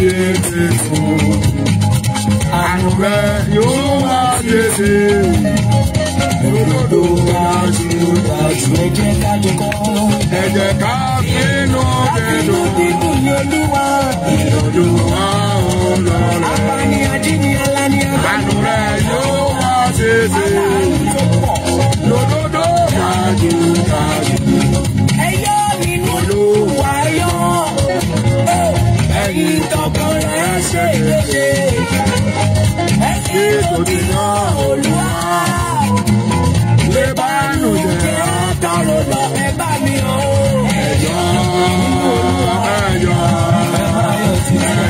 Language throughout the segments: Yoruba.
ayé mi kò. Àrùn rẹ yóò wá dédé. Òdodo àjò dájú. Ẹ jẹ́ ká jẹ kọ́. Ẹ jẹ́ ká bínú bínú. Láti inú bínú ni Olúwa. Ìrọ̀lú wa ò lọ rẹ̀. Apani ajínigbé alani yìí tọkàn rẹ̀ ṣe ìgbéde. Ẹ̀sìn ló ti yan Olúwa. Lé bánú jẹ́ ọ̀tá ló lọ ẹ bá mi o. Ẹ̀yọ́ ẹ̀yọ́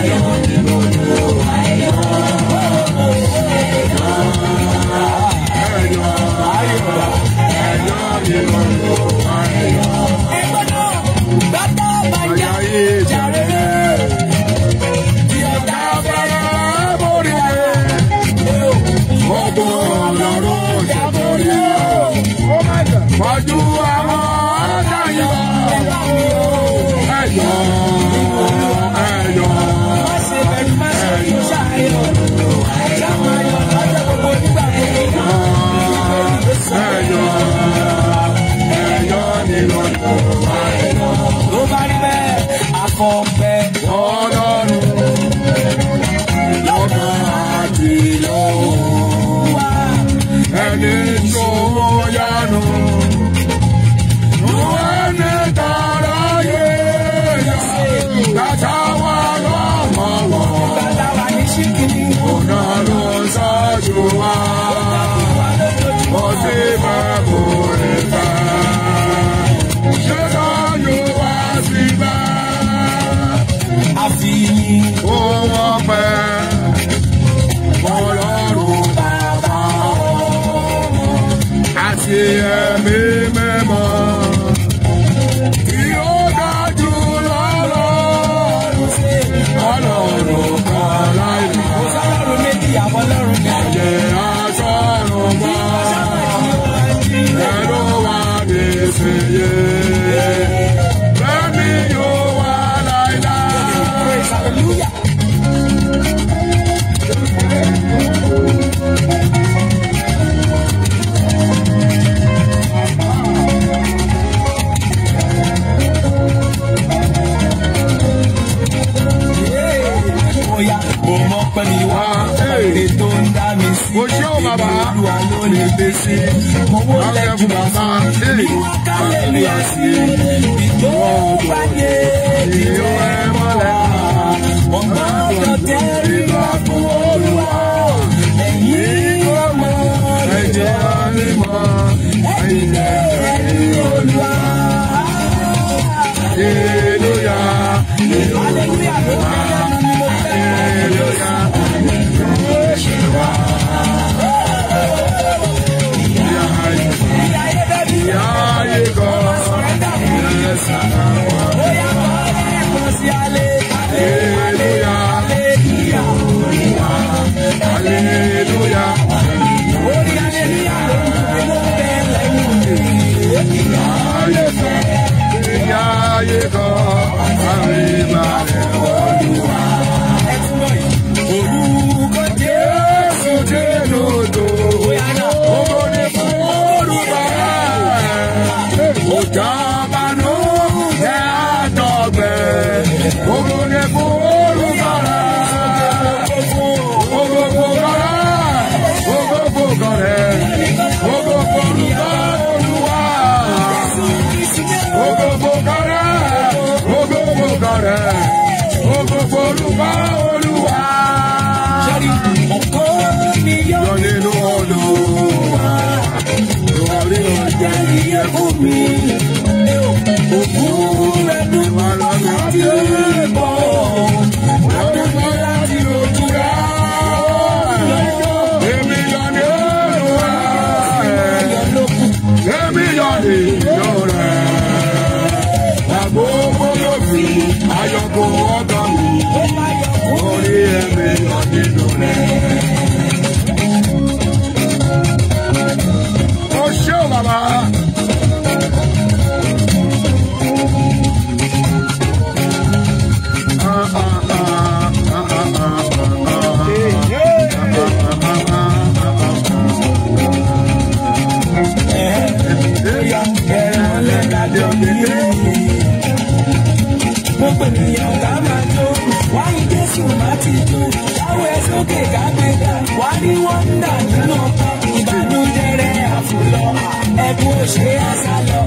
ẹ̀yọ́ nínú Olúwa ẹ̀yọ́. Ẹ̀yọ́ ẹ̀yọ́ ẹ̀yọ́ nínú Olúwa ẹ̀yọ́. Ẹ̀gbọ́n náà bàbá bàjá. Why? mi. Òkú rẹ̀ dúpẹ́ láti bọ̀, rẹ̀ dúpẹ́ láti ojú rẹ̀. Èmi yọ ní òòrùn rẹ̀, èmi yọ ní ìyọ̀ rẹ̀. Àgbo owó ló fi ayọ̀kọ̀ ọ̀gá mi, orí ẹ̀mí yọ nínú. gbẹ̀gàgbẹ̀gà wà ní wọ́n ń dà nínú ìbànújẹ́ rẹ̀ àfúlọ́ ẹ̀kú àṣà lọ.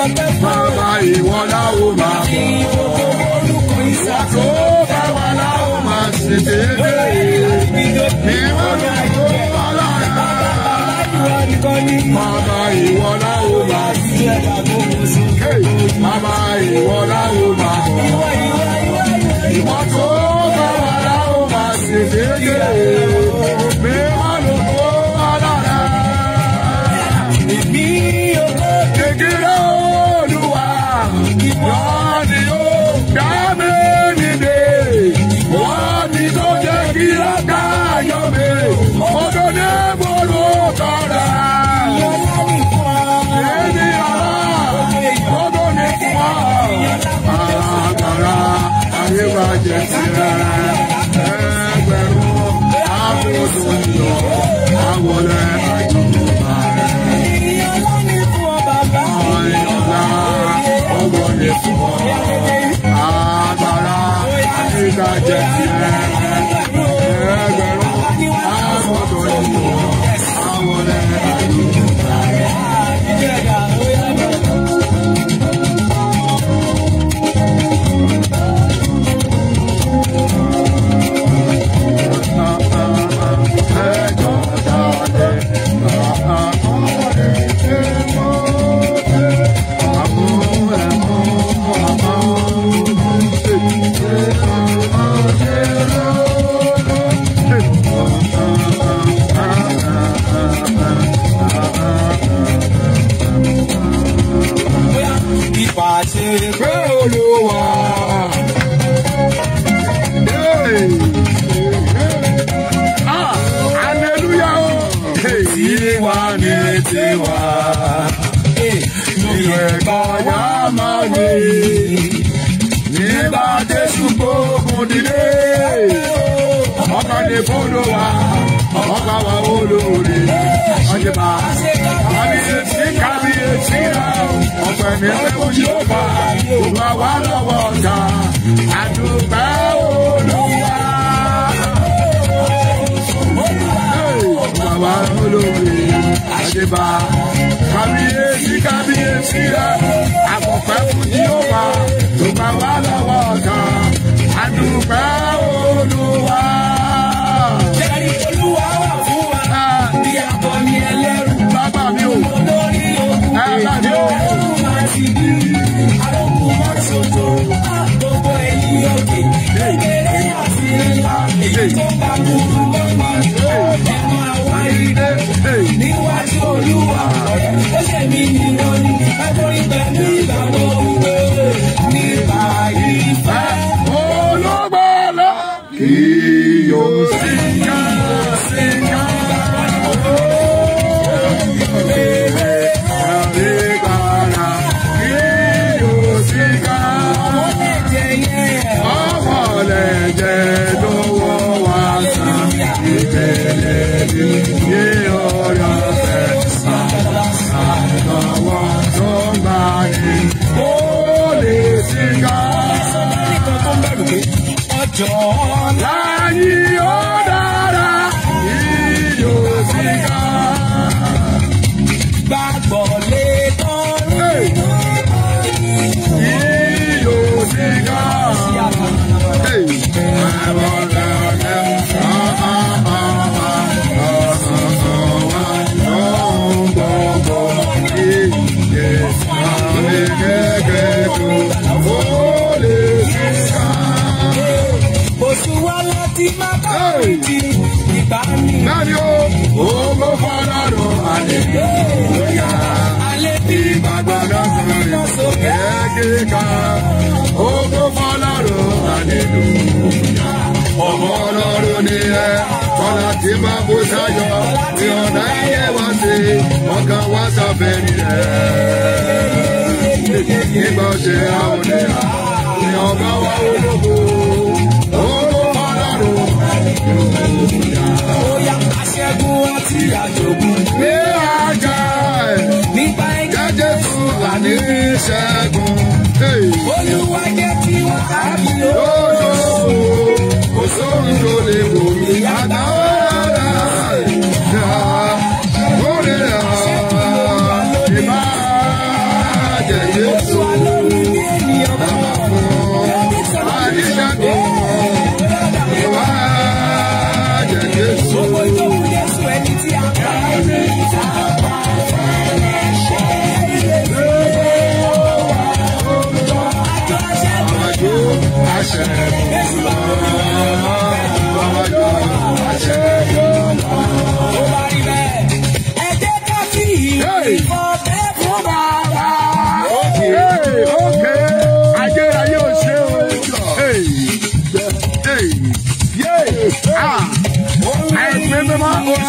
bàbá bàbá ìwọ láwo máa bọ̀. ìwọ orúkọ ìsàtò bàbá láwo máa ṣe déédéé. ìwọ láwo bàbá bàbá láyúwa nìkan ní. bàbá ìwọ láwo máa ṣe. bàbá ìwọ láwo máa bọ̀. ìwọ ìwọ ìwọ ìwọ láwo máa ṣe déédéé. ẹgbẹ̀rún àbòsùn yọ àwọlẹ̀ àjùmọ̀bà rẹ̀. ọ̀rìn ọ̀la ọgbọ̀n lè fún ọ agbára àtìgbàjẹ̀ tiẹ̀ ẹgbẹ̀rún àbòsùn yọ àwọlẹ̀ àjùmọ̀bà. máa yè. Nígbà Jésù gbógun dìde, ọba lè fọ́lọ́ wa, ọba wa olóore. Ọjọ́ bá kábíyèsí kábíyèsí rà, ọ̀pẹ̀ ní ẹ̀kọ́ yóò bá òwúwa wà lọ́wọ́ ọ̀tá. Àdùgbà olúwa. Òwúwa wà olóore àṣebà kàbíyèsí kàbíyèsí rẹ àkọ́pẹ́ fún jíọ́bà tó bá wà lọ́wọ́ kan àdùpẹ́ olúwa. jẹ́rìí olúwa wà fún wa bí àbọ̀ mi ẹlẹ́rù. bàbá mi ò lórí ogun èdè ẹ̀rù máa ti bí àròkù mọ́tò tó gbogbo ẹ̀yìn òkè kékeré èyí tó bá burú ti máa bá mi di ìgbà mi. Bẹ́ẹ̀ni o, owó fara rọ àlè lóyà. Àlè bí gbàgbọ́dọ̀ fúnra sókè kíkà. Owó fara rọ àlè lóyà. Ọmọ ọlọ́run ni ẹ, kọ́lá tí máa bó sáyọ̀. Ní ọ̀nà ayé wa ṣe, ọkàn wa sábẹ́ ni ẹ. Nígbà ṣe àwọn ọ̀nà, ni ọba wa olóko. Oya aṣẹ́gun àti àjogún. Ní àjà nípa jáde fún àní ṣẹ́gun. Olúwa jẹ́ kí wọ́n á bí lóòrò. Kò sóhun tó lè wò mí àdáwọ̀. Yeah.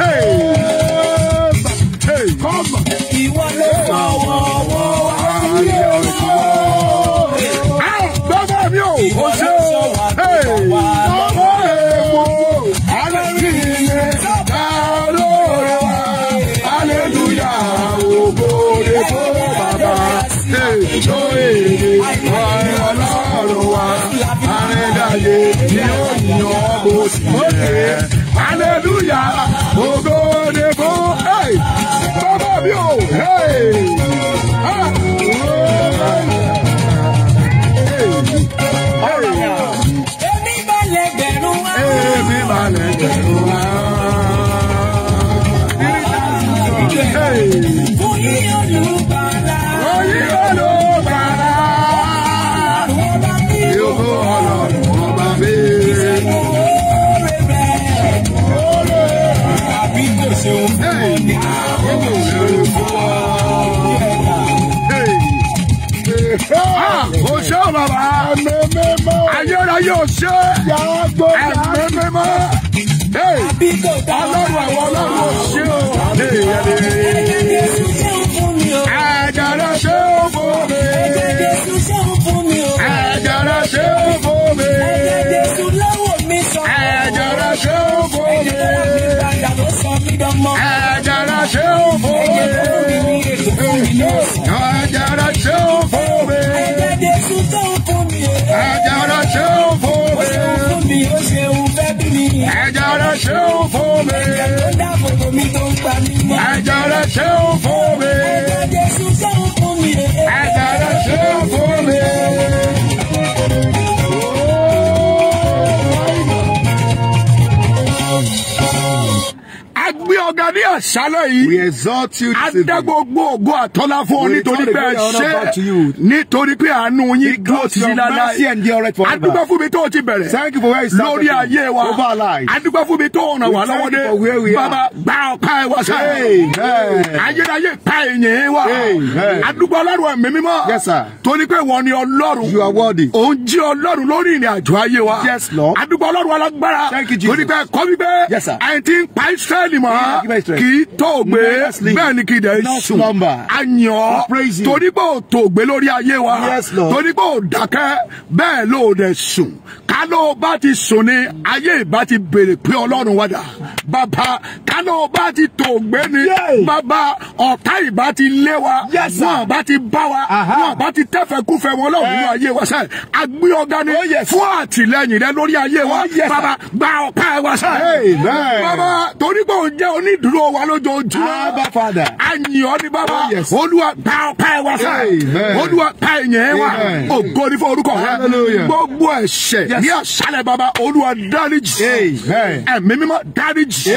ẹsẹ̀ ni yàn bó sì yẹ hallelujah. ọlọ́run àwọn ọlọ́run ò ṣe o. Àjàrà ṣe ó fún mi. Àjàrà ṣe ó fún mi. Àjàrà ṣe ó fún mi. Àjàrà ṣe mi tó ń pa mí mọ́. ẹ̀jẹ̀ rẹ̀ ṣe ń fún mi. ẹ̀jẹ̀ Jésù ṣe ń fún mi. ẹ̀jẹ̀ rẹ̀ ṣe ń fún mi. àṣálẹ́ yìí. we exalt you this evening. adágbogbo ògo àtọ́lá fún ọ nítorí pé ẹ ṣe nítorí pé àánú yín dúró sí lálá. adúgbò fún mi tó ti bẹ̀rẹ̀. thank you for where you started. lórí ayé wa over our lives. adúgbò fún mi tó ràn wá lọ́wọ́ dé. bàbá gbà ọ̀pá ẹ̀ wá sáré. ayérayé pa èèyàn wa. adúgbò ọlọ́run ẹ̀mí mímọ́. yes sir. torí pé wọ́n ni ọlọ́run. you are worthy. òun jí ọlọ́run lórí ìrìn àjò ayé wa. yes lord. adúgbò ọlọ́run alágbára. thank you jesus. torí pé kọ́ wípé. yes sir. àìntí ń pa israẹli mọ́. kì jí tó gbé bẹ́ẹ̀ ni kì í dẹ̀ sùn a torí pé ò tó lórí ayé wa torí pé ò dákẹ́ bẹ́ẹ̀ ló dẹ̀ sùn kálọ̀ bá ti sùn ni ayé ìbá ti béèrè pé ọlọ́run wá dà bàbá kálọ̀ bá ti tó gbé ni bàbá ọ̀tá ìbá ti lé wa wọn bá ti bá wa wọn bá ti tẹ́fẹ̀ẹ́ kúfẹ́ wọn lọ́wọ́ eh. ayé wa sẹ́ẹ̀ agbé ọ̀gá ni oh, fún àtìlẹ́yìn rẹ lórí ayé wa oh, bàbá gba ọ̀pá ẹ wa sẹ́ẹ̀ bàbá torí pé òun jẹ́ onídùúró ọwọ́ wa lójoojúmọ́. Abba Father. A yìn ọ́ ní bàbá. Oh, Olúwa pa ẹ̀ wá sá. Olúwa pa ẹ̀yẹ̀ wá. Ògo ni fún orúkọ rẹ. Gbogbo ẹ̀ṣẹ̀ ní àṣálẹ̀ bàbá Olúwa dáríjì. Ẹ̀mí mímọ́ dáríjì.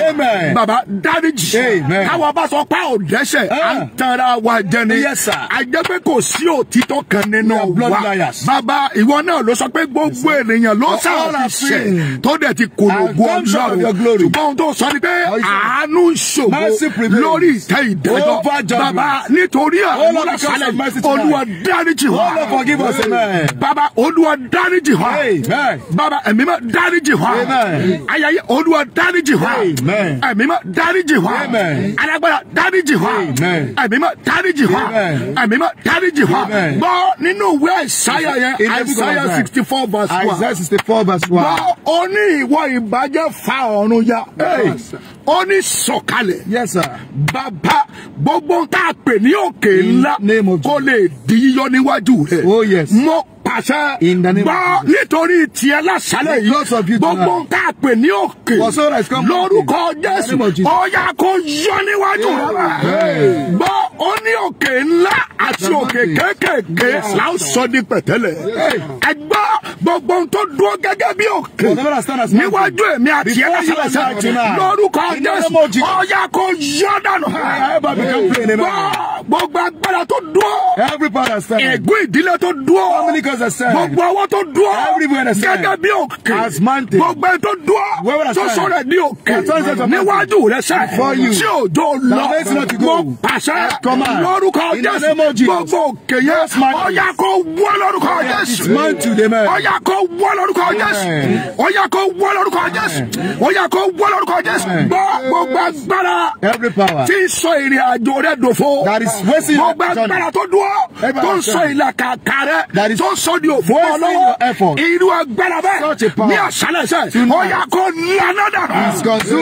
Bàbá dáríjì. Káwọn bá sọ pé ò dẹ́ṣẹ̀, à ń tara wa jẹ ni. Àjẹ́ pé kò sí òtítọ́ kan nínú wa. Bàbá ìwọ náà ló sọ pé gbogbo ènìyàn ló sáà fi ṣẹ̀ tó dẹ̀ ti kòlògbò ọlọ́run. Ṣùgbọ́n ohun tó sọ ni pé àánú ń ṣ ṣògo lórí ìtẹ́ ìdájọ́ bàbá nítorí àwọn ọlọ́sàlẹ̀ olúwa dáríjì wá bàbá olúwa dáríjì wá bàbá ẹ̀mí mọ́ dáríjì wá ayẹyẹ olúwa dáríjì wá ẹ̀mí mọ́ dáríjì wá alágbára dáríjì wá ẹ̀mí mọ́ dáríjì wá ẹ̀mí mọ́ dáríjì wá gbọ́ nínú ìwé àìsáyà yẹn àìsáyà sixty four verse one àìsáyà sixty four verse one gbọ́ ó ní ìwọ ìbàjẹ́ fa ọ̀run ya ó ní lẹ̀. yes sir. bàbá gbogbo tá a pè ní òkè ńlá kó lè di yíyọ níwájú rẹ̀. oh yes. mo pàṣẹ. in the nítorí tiẹ̀ lásàlẹ̀ yìí gbogbo nǹkan àpè ní òkè lórúkọ Jésù ọ̀yà kò yọ níwájú rẹ̀ gbọ́ òkè ńlá àti òkè kéékèèké là sọ di pẹ̀tẹ́lẹ̀ ẹgbọ́ gbogbo ohun tó dúró gẹ́gẹ́ bí òkè níwájú èmi àti ẹ̀ lórúkọ Jésù ọ̀yà kò yọ dànù gbọ́ gbogbo agbára tó dúró ègún ìdílé tó dúró gbogbo àwọn tó dúró gẹ́gẹ́ bí òkè gbogbo ẹ tó dúró sọ́sọ́ rẹ̀ ní òkè níwájú rẹ̀ sẹ́ tí òjò lọ mo pàṣẹ lórúkọ Jésù gbogbo òkè yẹn ọ̀yà kò wọ́ lórúkọ Jésù ọ̀yà kò wọ́ lórúkọ Jésù ọ̀yà kò wọ́ lórúkọ Jésù ọ̀yà kò wọ́ lórúkọ Jésù gbogbo agbára tí sọ ìrìn àjò rẹ̀ dòfo gbogbo agbára tó dúró tó sọ ìlàkàkà rẹ̀ tó sọ sọ di òfò ọlọ́wọ́ irú agbára bẹ́ẹ̀ ní àṣálẹ̀ sẹ́ ó yá kó laná dànù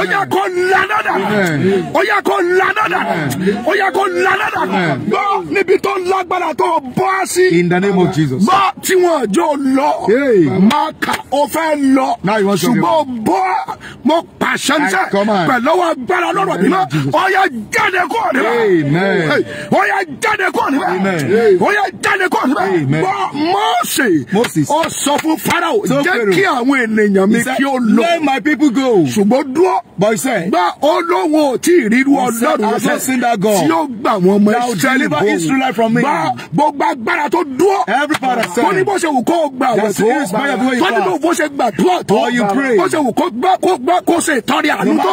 ó yá kó laná dànù ó yá kó laná dànù ó yá kó laná dànù gbọ́ níbi tó lágbára tó bọ́ sí. in the name of Jesus. bọ́ tí wọ́n jọ lọ máa kà ó fẹ́ lọ ṣùgbọ́n bọ́ mo pàṣẹ níṣẹ́ pẹ̀lú ọwọ́ agbára lọ́rọ̀ mi náà ó jáde kúrò níbẹ̀ ó yá jáde kúrò níbẹ̀ ó yá jáde kúrò níbẹ̀. Moses ó sọ fún Pharaoh jẹ́ kí àwọn ènìyàn mi kí ó lọ. let my people go. ṣùgbọ́n dúró. but he said. gba olówó tí ìrírú ọlọ́run rẹ sẹ́ tí ó gbà wọ́n mọ Israeli bò ó gba gbogbo agbára tó dúró. every father said. wọ́n ní bó ṣe wù kó gbà wọ́n tó wọ́n ní bó ṣe gbà tó tó bó ṣe wù kó gbà kó gbà kó ṣe ìtọ́rẹ àánú tó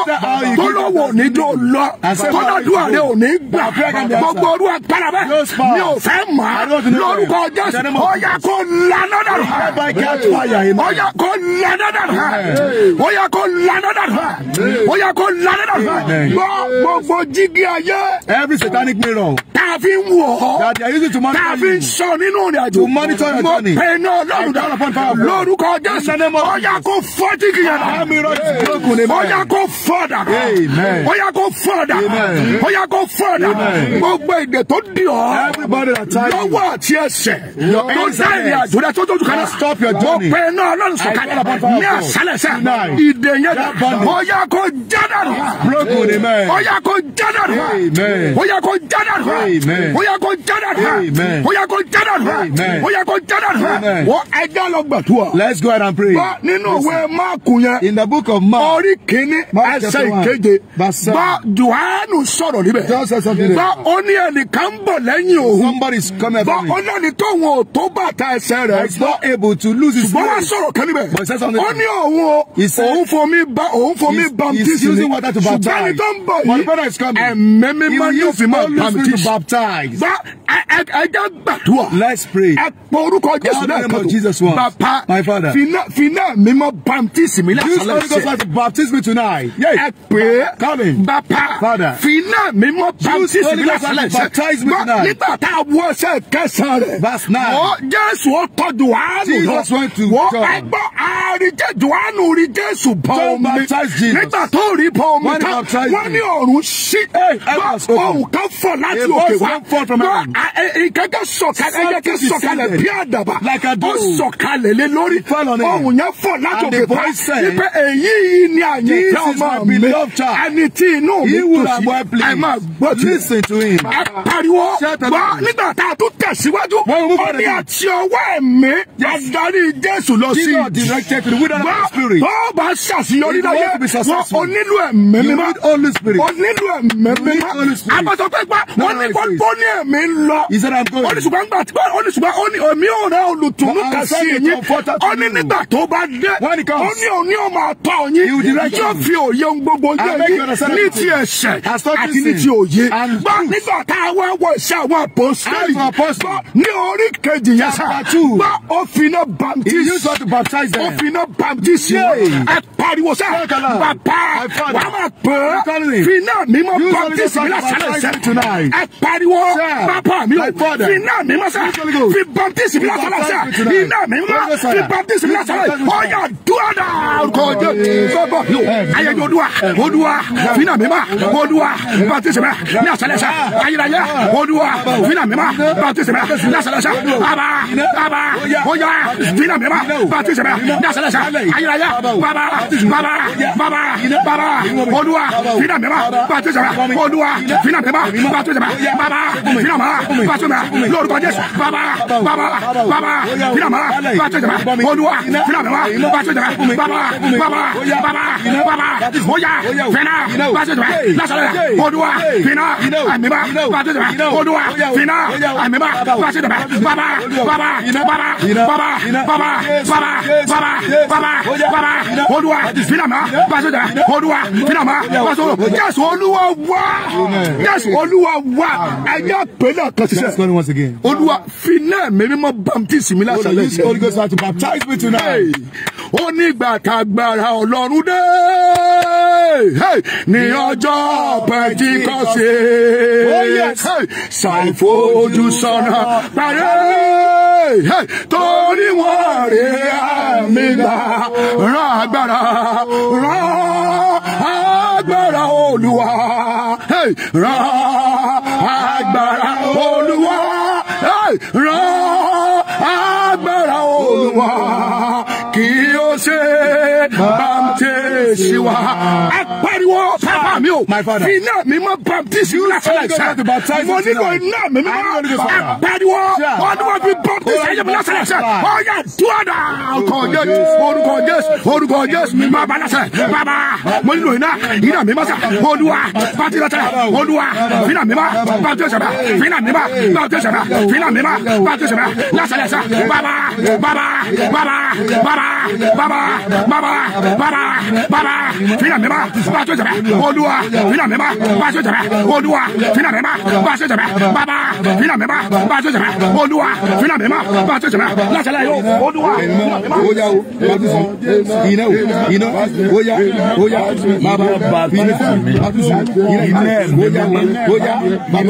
tó lówó òní dúró lọ tó lọ́dún àrẹ òní gbà gbogbo orú agbára bẹ́ẹ̀ mi ò fẹ́ mọ̀ lórúkọ ọjọ́ Jesus. Oya kó lànà dànù. Oya kó lànà dànù. Oya kó lànà dànù. Oya kó lànà dànù. Gbogbo jígí ayé. Every satanic mirror. Tàfi ń wò ó. That they are using to monitor you. Tàfi ń sọ nínú ìrìn àjò. To monitor your journey. Mo pẹ̀lú Ọlọ́run dànù. Lórúkọ Jésù. Oya kó fọ́ jígí yẹn. Oya kó fọ́ dànù. Oya kó fọ́ dànù. Oya kó fọ́ dànù. Gbogbo èdè tó di ọ́. Lọ́wọ́ àti ẹsẹ̀. Let's go ahead and pray. In the book of Mark. Orí kìíní ẹsẹ̀ Somebody is coming. Bá ó kò tó bàtà ẹsẹ̀ rẹ̀ gbọ́ able to lose his ṣùgbọ́n wá sọ̀rọ̀ kan níbẹ̀ ó ní òun òun fomi ba òun fomi baptist ni ṣùgbọ́n ẹni tó ń bọ̀ yìí ẹ̀mẹ́ mímọ́ ni òfin máa baptist bá ẹjẹ́ gbàdúrà let's pray ẹ pọ orúkọ jésù náà kọ́tù bàbá fina mímọ́ baptist mi lásán lẹ́sẹ̀ ẹ pé bàbá fina mímọ́ baptist mi lásán lẹ́sẹ̀ nígbà tá a wọ́ ṣe kẹsàn-án rẹ̀ wọ́n jésù ó tọ́ duwanu lọ wọ́n ẹgbọ́ àríjẹ́ duwanu rí jésù bọ omi nígbà tó rí bọ omi tán wọ́n ní ọ̀run sí ohun kan fọ̀ láti òkè wá ìkẹ́kẹ́ sọ̀kalẹ̀ ẹ̀yẹ́kẹ́ sọ̀kalẹ̀ bí àdàbà ó sọ̀kalẹ̀ lé lórí ohun yẹn fọ̀ láti òkè wá wípé èyí ni àyíká ọmọ mi ẹni tí inú mi tò ẹ máa gbọ́ tí ẹ pariwo nígbà tá a tún tẹ̀síwájú. Èmi àti ọwọ́ ẹ̀mí adarí Jésù lọ sí ìjì. Bọ́ ṣàṣeyọrí láyé, wọ́n onílù ẹ̀mí mímọ́. Onílù ẹ̀mí mímọ́. Àbọ̀sọ̀ pé pa, wọ́n ní gbogbo ní ẹ̀mí lọ. Oníṣùgbọ́n gbà tí oníṣùgbọ́n ó ò rẹ olùtùnú kan sí yín. Ó nígbà tó bá dé, ó òní ò máa tọ̀ yín. Yóò fi òye gbogbo yé yín ní ti ẹ̀ṣẹ̀ àti ní ti òye. Gbọ́ nígbà tá a wá wọ iṣẹ́ àwọn àpòsílẹ̀ yìí. Ní orí kejì yẹn sá bá ó finá baptise ó finá baptise ẹ pariwo sá bàbá wàá máa pè é finá mi mọ baptise mi lásàlẹ̀ sẹ́ ẹ pariwo bàbá mi ò finá mi mọ sá fi baptise mi lásàlẹ̀ sẹ́ iná mi mọ fi baptise mi lásàlẹ̀ ọ̀yà dúró kọjọ sọ́bọ̀ ayẹyẹ odua odua fina mímá odua baptise mi lásàlẹ̀ sẹ́ ayẹyẹ odua fina mímá baptise mi lásàlẹ̀ sẹ́ baba baba oya fina mẹba bati sẹbẹ dasalẹsẹ ayiraya baba baba baba baba oduwa fina mẹba bati sẹbẹ oduwa fina mẹba bati sẹbẹ baba fina mara bati sẹbẹ lórúkọ Jésù baba baba baba fina mara bati sẹbẹ oduwa fina mẹba bati sẹbẹ baba baba baba baba oya fina bati sẹbẹ dasalẹsẹ oduwa fina mẹba bati sẹbẹ oduwa fina mẹba bati sẹbẹ baba baba baba baba baba baba baba baba baba olúwa finama pásọjà olúwa finama pásọjà jésù olúwa wá jésù olúwa wá ẹjọ pẹ̀lú àkànṣiṣẹ olúwa finna mímọ́ baptisi mi láti àlẹ ìṣẹ. ó ní gbàtàgbàrà ọlọ́run ní ọjọ́ pẹ̀tíkọ́sì oh, ṣàìfojúsọ́nà pàdé torí wọn rè àmì gbà rán agbára rán agbára olúwa rán agbára olúwa rán agbára olúwa kí ó ṣe bá èsì wa apariwo ah. pápá mi o iná mi mọ baptiste lásàlẹsẹ mo nílò iná mi mọ apariwo ọdún fi baptiste ẹyẹ mi lásàlẹsẹ ọyà dúwàdà ọkọ jésù orúkọ jésù orúkọ jésù mi máa bá lásẹ bàbá mo nílò iná iná mi mọ sà olúwa bàtí lọtẹ olúwa fínà mi mọ bàtí ọsẹ bá fínà mi mọ bàtí ọsẹ bá fínà mi mọ bàtí ọsẹ bá lásàlẹsẹ bàbá bàbá bàbá bàbá bàbá bàbá bàbá baba fina mẹba baso jẹbẹ Olúwa fina mẹba baso jẹbẹ Olúwa fina mẹba baso jẹbẹ baba fina mẹba baso jẹbẹ Olúwa fina mẹba baso jẹbẹ lasala yo Olúwa. oya o batusu iná o iná oya oya baba batusu iná iná oya oya baba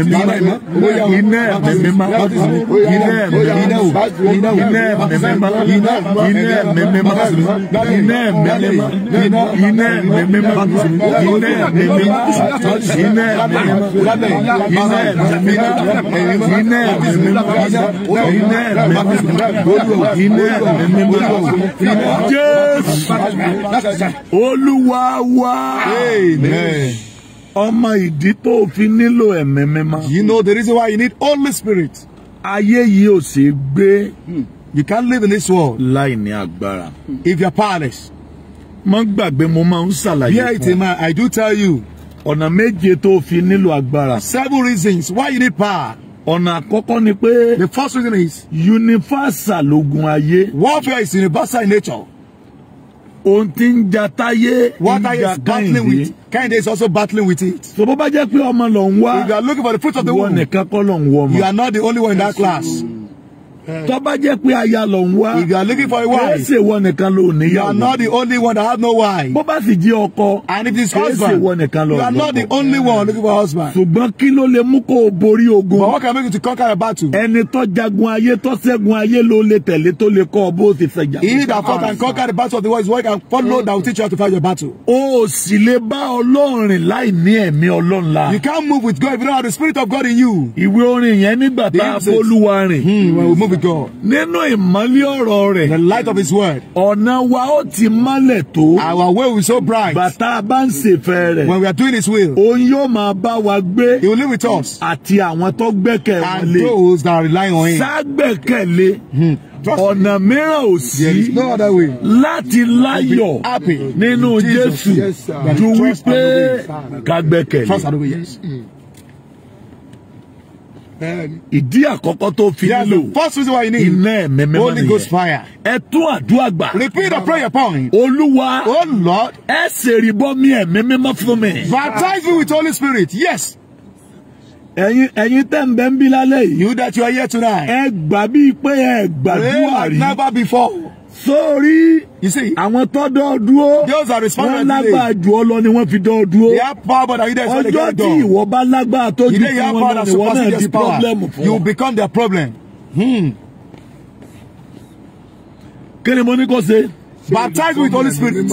iná iná oya iná mẹmẹma batusu iná iná o iná o iná mẹmẹma iná iná mẹmẹma iná mẹmẹma iná mi mímọ́ iná mi mímọ́ iná mi mímọ́ iná mi mímọ́ iná mi mímọ́ iná mi mímọ́ iná mi mímọ́ Jésù Olúwa wa ọmọ ìdí tó fi nílò ẹ̀mí mímọ́. You know the reason why you need Holy Spirit. Ayé yìí ò ṣeé gbé. Hmm. You can't live in this world. Láì ní agbára. If you're powerless má gbàgbé mo máa ń ṣàlàyé fún ọ. bí àìtè máa I do tell you. ọ̀nà méje tó fi nílò agbára. seven reasons why you need power. ọ̀nà àkọ́kọ́ ni pé. the first reason is. universal lògùn ayé. warfare is universal in nature. ohun tí ń ja táyé. what are you battling with Kehinde is also battling with it. so bó bá jẹ́ pé ọmọ lọ ń wá. if you are looking for the fruit of the womb. wọ́n nìkan kọ́ lọ ń wọ́ ọmọ. you are not the only one in that class tó bá jẹ́ pé aya lọ ń wá. you are looking for a wife. kèése wọ nìkan ló níyàwó. you are not the only one that have no wife. bó bá sì jẹ́ ọkọ. and if it is husband. kèése wọ nìkan lọ. you are not the only one looking for a husband. ṣùgbọ́n kí ló lè mú kó o borí ogun. but what can make you to conquer a battle. ẹni tó jagun ayé tó ṣẹ́gun ayé ló lè tẹ̀lé tó lè kọ́ ọ bó ti fẹ́ jà. he that fought and conquer the battle of the world is one can follow that will teach you how to fight your battle. o sì lè bá Ọlọ́run rìn láì ní ẹ̀mí Ọlọ́run la. you can't move with God if you don't have the spirit of God in you. ìwé hmm, we move with God. Nínú ìmọ́lẹ̀ ọ̀rọ̀ rẹ̀. The light of his word. Ọ̀nà wa ó ti mọ́lẹ̀ tó. Our way will be so bright. Bàtà bá ń ṣèfẹ́ rẹ̀. When we are doing his will. Òun yóò máa bá wa gbé. He will live with us. Àti àwọn tó gbẹ́kẹ̀ wọlé. And those that are relying on him. Sá gbẹ́kẹ̀lé. Hmm ọ̀nà mìíràn ò sí láti láyọ̀ nínú Jésù ju wípé ká gbẹ́kẹ̀lé. Eh, ìdí àkọ́kọ́ tó fi nílò iná ẹ̀mí mímọ́ nìyẹn ẹ tún àdúrà gbà. repeat the prayer point. olúwa oh, lord ẹ ṣèrè bọ́ mi ẹ̀mí mímọ́ fún mi. baptize me with holy spirit yes. ẹ̀yin ẹ̀yin tẹ́ ń bẹ ń bí lálẹ́ yìí. you that you are here tonight. ẹ gbà bíi pé ẹ gbàdúrà rí. never before sórí àwọn tó dán dúró wọn lágbàá jù ọ lọ ni wọn fi dán dúró ọjọ́ tí ìwọ bá lágbàá tó ju fún wọn lọ ni wọn náà di problem fún wọn. you become their problem. Hmm. kí ni mo ní kó ṣe. baptize with holy spirit.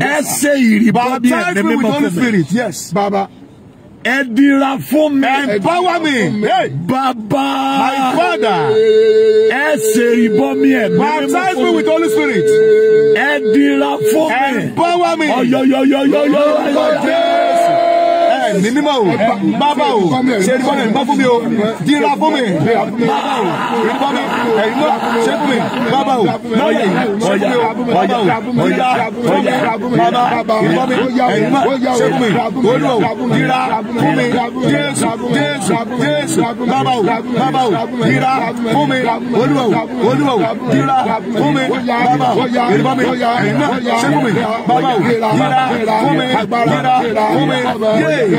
ẹ ṣe ìrìbá bí ẹ ní mímọ́ fún mi. baptize with holy spirit yes. baba. Ẹ dira fún mi. Empower me. Hey. Baba. My father. Ẹ ṣèrìbọ mi ẹ̀mí. Baptize me with Holy Spirit. Ẹ dira fún mi. Empower me. Ọ̀yọ̀yọ̀yọ̀yọ̀yọ̀. Olùkọ́ jẹ́ ẹ̀mí mímọ́ o bàbá o ṣe ní bọ́mẹ̀ gbọ́ fún mi o dira fún mi bàbá o rí bọ́mẹ̀ ẹ̀yìn mọ́ ṣe fún mi bàbá o lọ́yẹ̀ ṣe fún mi o bàbá o dira fún mi bàbá rí bọ́mẹ̀ ẹ̀yìn mọ́ ṣe fún mi olú o dira fún mi jésù jésù jésù bàbá o bàbá o dira fún mi olú o olú o dira fún mi bàbá o rí bọ́mẹ̀ ẹ̀yìn mọ́ ṣe fún mi bàbá o dira fún mi dira fún mi yéé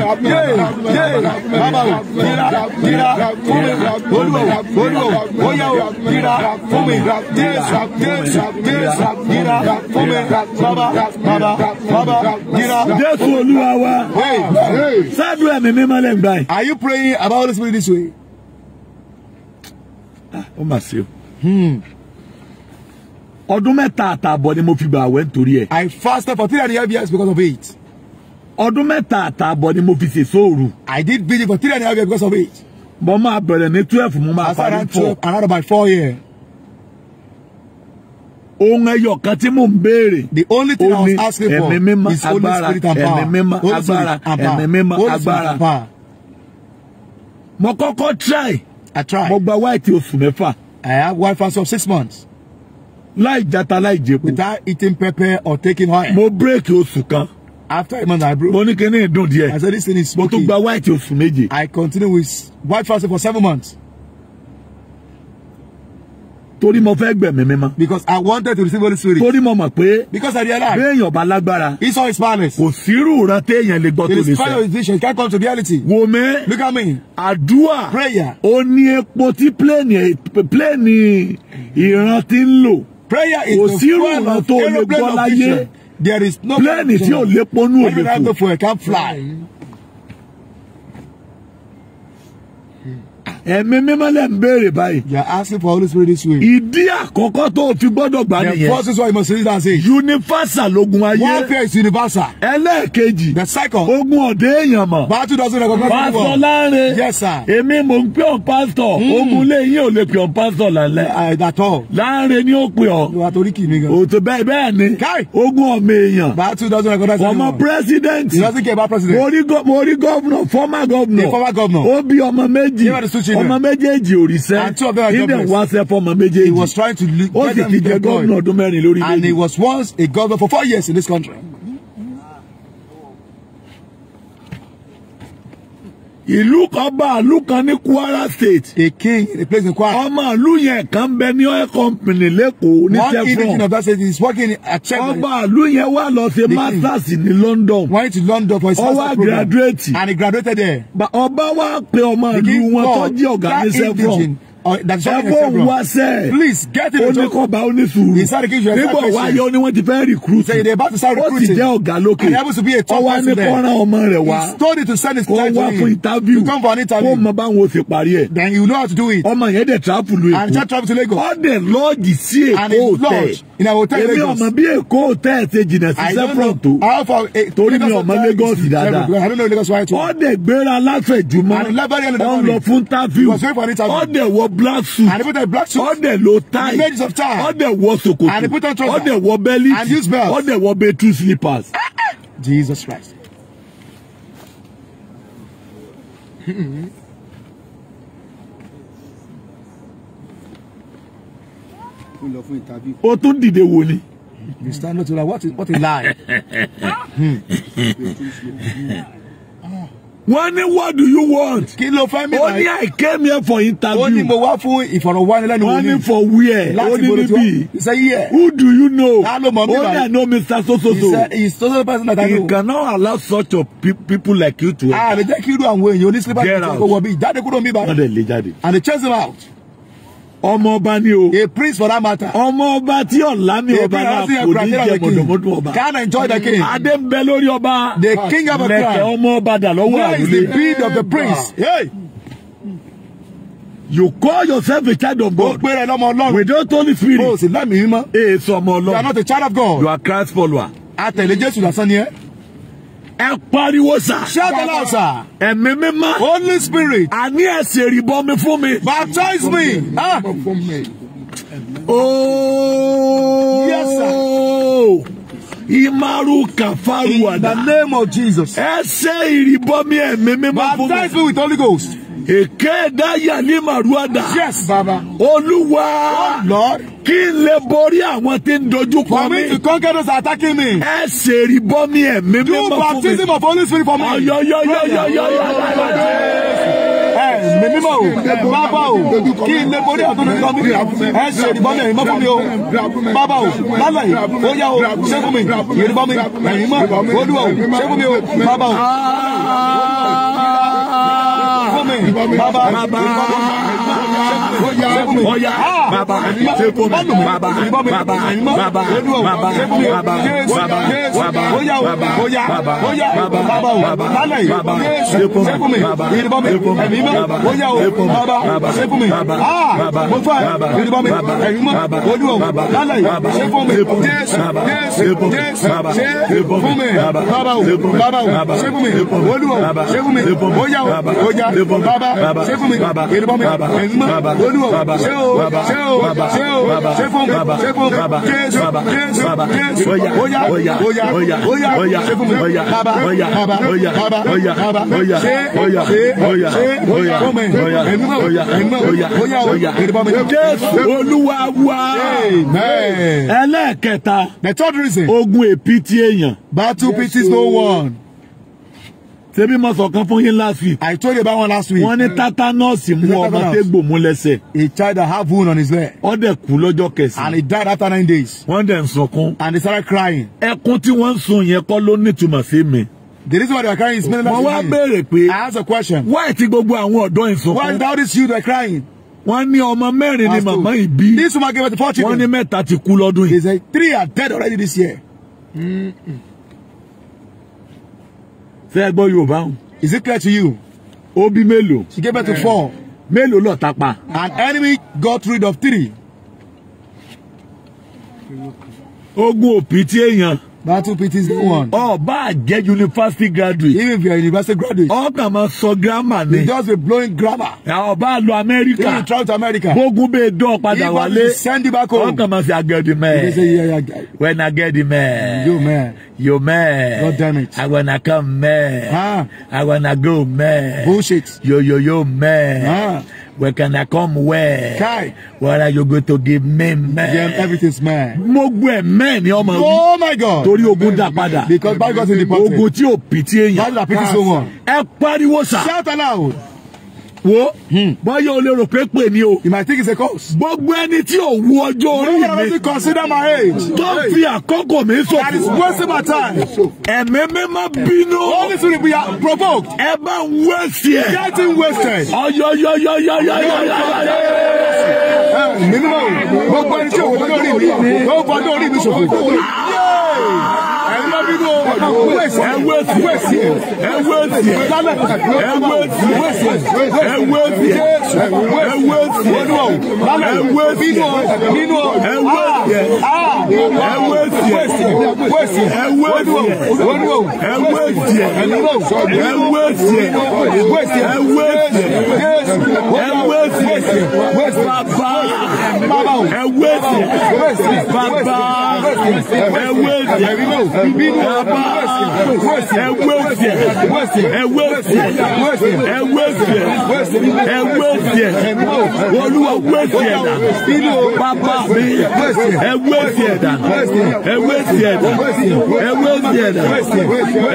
bàbá o dira dira fún mi olúwo olúwo oyè o dira fún mi jésù jésù jésù dira fún mi bàbá bàbá bàbá dira. jésù olúwa wa sádùn ẹ̀mí mímọ́ lẹ́nu báyìí. are you praying about Holy Spirit this way. ó mà ṣe o ọdún mẹ́ta àtààbọ̀ ni mo fi gbà wẹ̀ nítorí ẹ̀. I fasted for three and a half years because of it ọdún mẹ́ta àtààbọ̀ ni mo fi ṣe sóòrù. I did business for three and a half years because of it. mo máa bẹ̀rẹ̀ ní twelve mo máa parí four. I had about four years. ohun ẹyọ kan tí mò ń béèrè. the only thing Only, I was asking for mímọ́, is Holy Spirit and power. ẹ̀mí mímọ́ agbára ẹ̀mí mímọ́ agbára. mo kọ́kọ́ try. I tried. mo gba white oṣù mẹ́fà. I have white fast of six months. láì jata láì jẹ́po. without eating pepper or taking oil. mo break oṣù kan after a month I broke. mo ní kíní ìdùn díẹ̀. I said this thing is smoking. mo tún gba white oṣù méje. I continue with white fasting for seven months. torí mo fẹ́ gbẹ̀mí mímọ́. because I wanted to receive Holy Spirit. torí mo mọ̀ pé. because I realized. béèyàn bá lágbára. he saw his palace. kò sírù ìran téèyàn lè gbọ́ tó lè sọ. the spirit of vision can come to reality. wò mí. look at me. àdúrà. prayer. ó ní epo tí pléènì pléènì ìran ti ń lò. prayer is the fuel of aeroplane of vision. kò sírù ìran tó lè gbọ́ láyé. There is no plane tí ò lépo nú òye kù. When you go for a can fly. ẹ̀mí mímọ́ lẹ̀ ń béèrè báyìí. you are asking for holy spirit this way. ìdí àkọ́kọ́ tó o fi gbọ́dọ̀ gbà nìyẹn. the first is why you must read that say. universal ogun ayé. warfare is universal. ẹlẹ́ẹ̀kejì. the second. ogun ọ̀dẹ́ èèyàn mọ̀. battle doesn't recognize people. pásítọ̀ láre. yes sir. èmi mò ń pè ọ́ pásítọ̀. Hmm. ogun lè yín ò lè pè ọ́ pásítọ̀ lálẹ́. àìdàtọ̀. láre ni ó pè ọ́. ìwà torí kì í nìkan. òtò bẹ́ẹ̀ bẹ́ẹ̀ ni. káì. ogun ọmọ èèyàn. battle president. he doesn't about president. mo rí former gọ́vnọ̀. former gọ́vnọ̀. ó bí ọmọ ọmọ méjèèjì òrìṣẹ́ ìdẹ̀ wá sẹ́ fọmọ méjèèjì. he was trying to get them employed ó sì ti jẹ gómìnà ọdún mẹ́rin lórí méjì. and he was once a governor for four years in this country. ìlú kan bá ìlú kan ní Kwara State. a king in place in Kwara. ọmọ ìlú yẹn kan bẹ ní oil company lẹ́kọ̀ọ́ ní Chevron. one indigenous of that He is working at Chevron. ọba ìlú yẹn wá lọ ṣe masters ní London. went to London for his master's program. ó graduate. and he graduated there. ọba wa pe ọmọ ìlú wọn tó jẹ́ ọ̀gá ní Chevron. Uh, that's all the problem. wa sẹ. please get in the talk. oníkọba onísùúrù. you only want to wa recruit. say they about to start recruiting. ó ti jẹ́ ọ̀gá and he happens to be a top person there. he told you to send his client to me. kó wá interview. to come for an interview. kó mọ then you know how to do it. Oh yẹn he had a trap. and just travel to Lagos. ọ̀dẹ̀ lọ́ọ̀jì sí Èkó and he lodge in our hotel Lagos. èmi ọmọ bí èkó hotel ṣe jìnnà sí sẹ́fọ̀n tó. how far eh, torí mi ọmọ Lagos dáadáa. I don't know Lagos why too. ọ̀dẹ̀ gbéra láfẹ̀jùmọ́ ọ̀n lọ fún táfíù ọ̀dẹ̀ wọ black suit ọ̀dẹ̀ lo tie ọ̀dẹ̀ wọ ṣòkòtò ọ̀dẹ̀ wọ bẹ́lí ọ̀dẹ̀ wọ betu slippers. Jesus Christ. Hmm. ó lọ fún interview. ó tún dìde wò ni. mr notura what is what a lie. wọ́n ní what do you want. kí ló fẹ́ mi báyìí. ó ní I came here for interview. ó ní mo wá fún ìfọ̀rọ̀wánilẹ́nuwò ni. wọ́n ní for where. láti ìbòrò tí wọ́n he say here. who do you know. ta ló mọ̀ mi báyìí. ó ní I know Mr. sososo. he said he is sososo person like that I know. he cannot allow such a people like you to. a ah, lè jẹ́ kí irú àwọn èèyàn onísìlẹ̀ bá ti sọ kó wọ bí jáde kúrò mi báyìí. wọ́n lè jáde. and they chase him out ọmọ ọba ni o. a priest for that matter. ọmọ ọba tí ọ̀la mi ọba náà kò ní jẹ mọ̀dọ̀mọ́dọ̀ ọba. can enjoy the king. adé ń bẹ lórí ọba. the king of a crown. lẹ̀kẹ̀ ọmọ ọba dà lọ́wọ́ àwùlé. where is the beard of the prince. Hey. You call yourself a child of God. O pèrè lọ́mọ Ọlọ́run. Without Holy Spirit. O sì lámì yín mọ́. Èso ọmọ Ọlọ́run. You are not a child of God. You are Christ follower. Atẹ̀lé Jésù lásán ni ẹ́ ẹ pariwo sà. ṣẹ́ẹ̀tì náà sà. ẹ̀mí mímọ́. holy spirit. àní ẹ̀sìn ìrìbọn mi fún mi. baptize me. Ah. Oh. Yes, sir. Imaru kafaruada. In the name of Jesus. Ẹ ṣe ìrìbọmi ẹ̀mí mímọ́ fún mi. Baptize me with Holy Ghost. Èké dáyà ní Màrúwádà. Yes, Baba. Olúwa. Oh, Lord. Kí n lè borí àwọn tí ń dojú kọ mi. For me to conquer those attacking me. Ẹ ṣèrí bọ́ mi ẹ̀mí mímọ́ fún mi. Do baptism of Holy Spirit for me. Ọ̀yọ̀yọ̀yọ̀yọ̀yọ̀ mi mímọ́ o bàbá o kí n lè borí àtúntò kan mi ẹ ṣe ìdìbọn mi ẹ̀yìnbọn fún mi o bàbá o lálẹ́ yìí ó yá o ṣé fún mi ìdìbọn mi ẹ̀yìnbọn olúwa o ṣé fún mi o bàbá o bàbá bàbá ọ̀yà ọ̀yà bàbá sèpò mi bàbá bàbá bàbá bàbá bàbá bàbá bàbá bàbá bàbá bàbá bàbá bàbá lálẹ́ yìí bàbá sèpò mi bàbá ìdìbò mi ẹ̀mí mi ọ̀yà o bàbá sèpò mi bàbá mo fà ìdìbò mi ẹ̀mí mi olú o lálẹ́ yìí sèpò mi jésù jésù jésù fún mi bàbá o bàbá o sèpò mi olú o sèpò mi ọ̀yà o ọ̀yà bàbá sèpò mi ìdìbò mi ẹ̀mí mi. Baba, olúwa wa ẹlẹ́ẹ̀kẹta ogun èpìtì èèyàn. battle pit is no one ṣebí mo sọ kan fún yín last week. I told you about one last week. wọ́n ní tatanọ́ọ̀sì mú ọmọ tégbò mú lẹ́sẹ̀. a child that have wound on his leg. ó dẹ̀ kú lọ́jọ́ kẹsàn and he died after nine days. wọ́n dẹ̀ ń sọkún. and he started crying. ẹkún tí wọ́n ń sun yẹn kọ́ ló nítumọ̀ sí mi. The reason why they are crying is mainly that. Mo wá béèrè pé. I ask a question. Why ti gbogbo àwọn ọ̀dọ́ ìsọkún? Why did all these children crying? Wọ́n ní ọmọ mẹ́rin ni màmá yìí bí. This woman gave birth to four children. Wọ́n ní mẹ́ta ti kú lọ́dún yìí. They say three are dead already this year. Mm -mm fẹ́ gbọ́ yorùbá o. is it clear to you. ó bí mélòó. she gave birth to eh, four. mélòó lọ̀tá pa. an enemy got rid of three. ogun òpì tí èèyàn. Battle pit is no one. Oh, but get university graduate. Even if you're are university graduate. oh come máa sọ grammar He does a blowing grammar. Oh, but to America. Even travel to America. Bógun bẹ́ẹ̀ dán padà wálé. Even send it back home. Ọkàn máa get the man. You say yeah yeah. When I get the man. You man. You man. God damn it. I wanna come man. Huh? Ah. I wanna go man. Bullshit. Yo yo yo man. Huh? Ah. Where can I come where? Kai. What are you going to give me, man? Then everything's man. Mogwe man, your man. Oh my God. Torí ogun dà padà. Because by God's in the party. Ogun tí ò pìtì èèyàn. Bible that pity someone. Ẹ pariwo sà. Shout aloud wo hmm. bọ́yọ̀ o lè rò pé pè ní o. you might think it's a cause. gbogbo ẹni tí ò wu ọjọ́ orí mi. no one consider my age. tó fi àkókò mi sọ. that is wasting my time. ẹ̀mí mi máa bínú. only to be uh, provoked. ẹ bá ń wẹ́sì ẹ̀. getting wasted. ọyọyọyọyọyọyọ. mímọ́ gbogbo ẹni tí ò wu ọjọ́ orí mi. ó fọjọ́ orí mi ṣòfò o ẹwé ti ẹwé ti ẹwé ti ẹwé ti ẹwé ti ẹwé ti ẹwé ti nínú ẹwé ti ẹwé ti ẹwé ti ẹwé ti ẹwé ti ẹwé ti ẹwé ti ẹwé ti bàbá. ẹwé òsè bínú ọba ẹwé òsè ẹwé òsè ẹwé òsè ẹwé òsè olúwa wé òsè ẹ̀dá pápá mi ẹwé òsè ẹ̀dá ẹwé òsè ẹ̀dá ẹwé òsè ẹ̀dá ẹwé òsè ẹ̀dá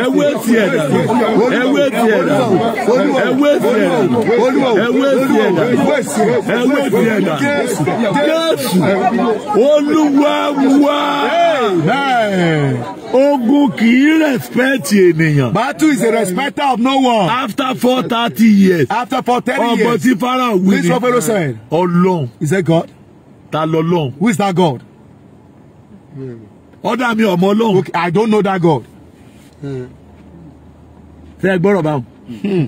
ẹwé òsè ẹ̀dá ẹwé òsè ẹ̀dá ẹwé òsè ẹ̀dá ẹwé òsè ẹ̀dá Jésù olúwa wá. Amen. Ogun kì í respect ènìyàn. Battle is a respecter of no one. After four thirty years. After four thirty years. Ọgbọ́n tí Pharaoh wí ni. This is what Pharaoh said. Ọlọ́run. Is that God? Ta lọ lọ́run. Who is that God? Ọ̀dà mi ọmọ Ọlọ́run. I don't know that God. Ṣé ẹ gbọ́rọ̀ báwọn? Hmm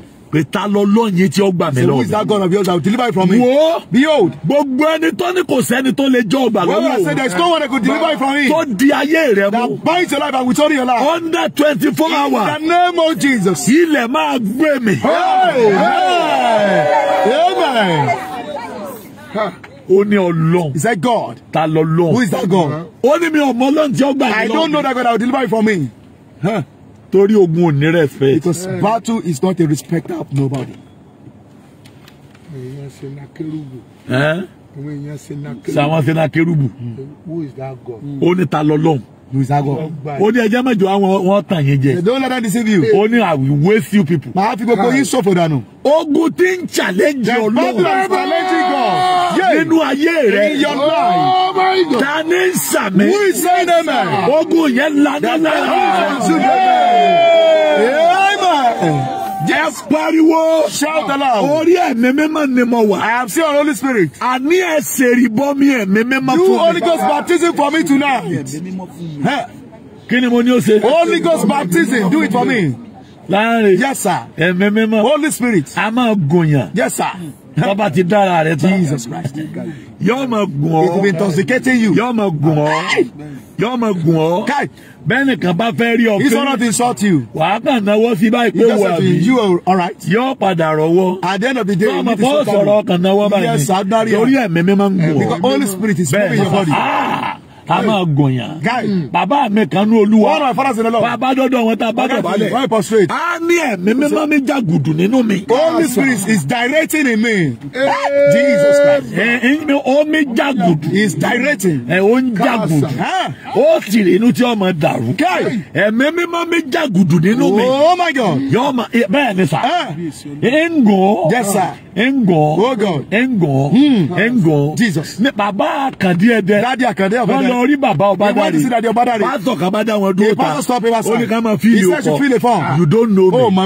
ta lọ lọ́yìn etí ọgbà mi lọ́wọ́. so who is that God of yours that will deliver you from me. wo behold. gbogbo ẹni tó ní kò sẹ́ni tó lè jọ ọgbà lọ́wọ́. wọ́n yà sẹ́ there is no one that could deliver you from me. tó di ayé rẹ mú. that binds your life and will turn your life. under twenty four hours. in the name of Jesus. ilẹ̀ máa gbé mi. amen. ó ní ọlọ́run. is that God. ta lọ lọ́run. who is that God. ó ní mi ò mọ tí ó gbà mí I don't know that God that will deliver you from me. Huh torí ogun ò ní respect. because yeah. battle is not a respect of nobody. èèyàn ṣe na kérúbù. èèyàn ṣe na ṣe na kérúbù. who is that God. ó ní ta lọ́lọ́run. Lusago. O ní ẹjẹ́ mẹ́jọ àwọn ah, wọn tàn yín jẹ. Don't let that deceive you. O ní I will waste you people. Màá fi gbogbo yín ṣòfò dànù. Ogun ti ń challenge Ọlọ́run. The problem is challenging God. Nínú ayé rẹ̀. In your life. Oh Ta ni ń Who is saying amen? Ogun yẹn lanala. The devil is in your Amen. Yes, pariwo. Shout aloud. Orí ẹ̀mí mímọ́ ni mo wà. I am still Holy Spirit. Àní ẹ̀sẹ̀ ìrìbọmi ẹ̀mí mímọ́ fún mi. Do Holy Ghost baptism for me tonight. Kí ni mo ní o ṣe? Holy Ghost baptism, do it for me. Láàrin. Yes, sir. Ẹ̀mí mímọ́. Holy Spirit. A máa gòyàn. Yes, sir bàbá ti dára Jesus Christ. yóò máa gùn ọ́ it's been intoxicating you yóò máa gùn ọ́ yóò máa gùn ọ́ bẹ́ẹ̀ni kan bá fẹ́ rí ọ pé ìsọ̀rọ̀ ti sọ ti o wàá kàn náwó sí báyìí pé wà mí yóò padà rọwọ́ ọmọ fọ́ sọ̀rọ̀ ọkàn náwó báyìí lórí ẹ̀mí mi máa ń gùn ọ́ bẹ́ẹ̀ ká máa gọ̀yàn. Hmm. bàbá mi kan ní olúwa bàbá wọn tá a bá dọ̀bálẹ̀. a ní ẹ̀mí mímọ́ mi jágùdù nínú mi. Holy Spirit is directing in me. Jesus Christ. omi jágùdù. is directing. ẹ̀ o ń jágùdù. ó sì rí inú tí ọmọ dàrú. ẹ̀mí mímọ́ mi jágùdù nínú mi. oh my God. yọ ọmọ bẹ́ẹ̀ ni sà. ngo. Ah. yes sir. ngo. oh God. ngo. ngo. Hmm. Jesus. bàbá àkàndé ẹ̀dẹ̀. dádì àkàndé ọ̀fẹ́ dẹ̀ lọ rí bàbá Ọbádàrè pásítọ̀ ká bá dá wọn dúró ta ó ní ká máa fíìlì ọkọ̀ you don't know me oh, my,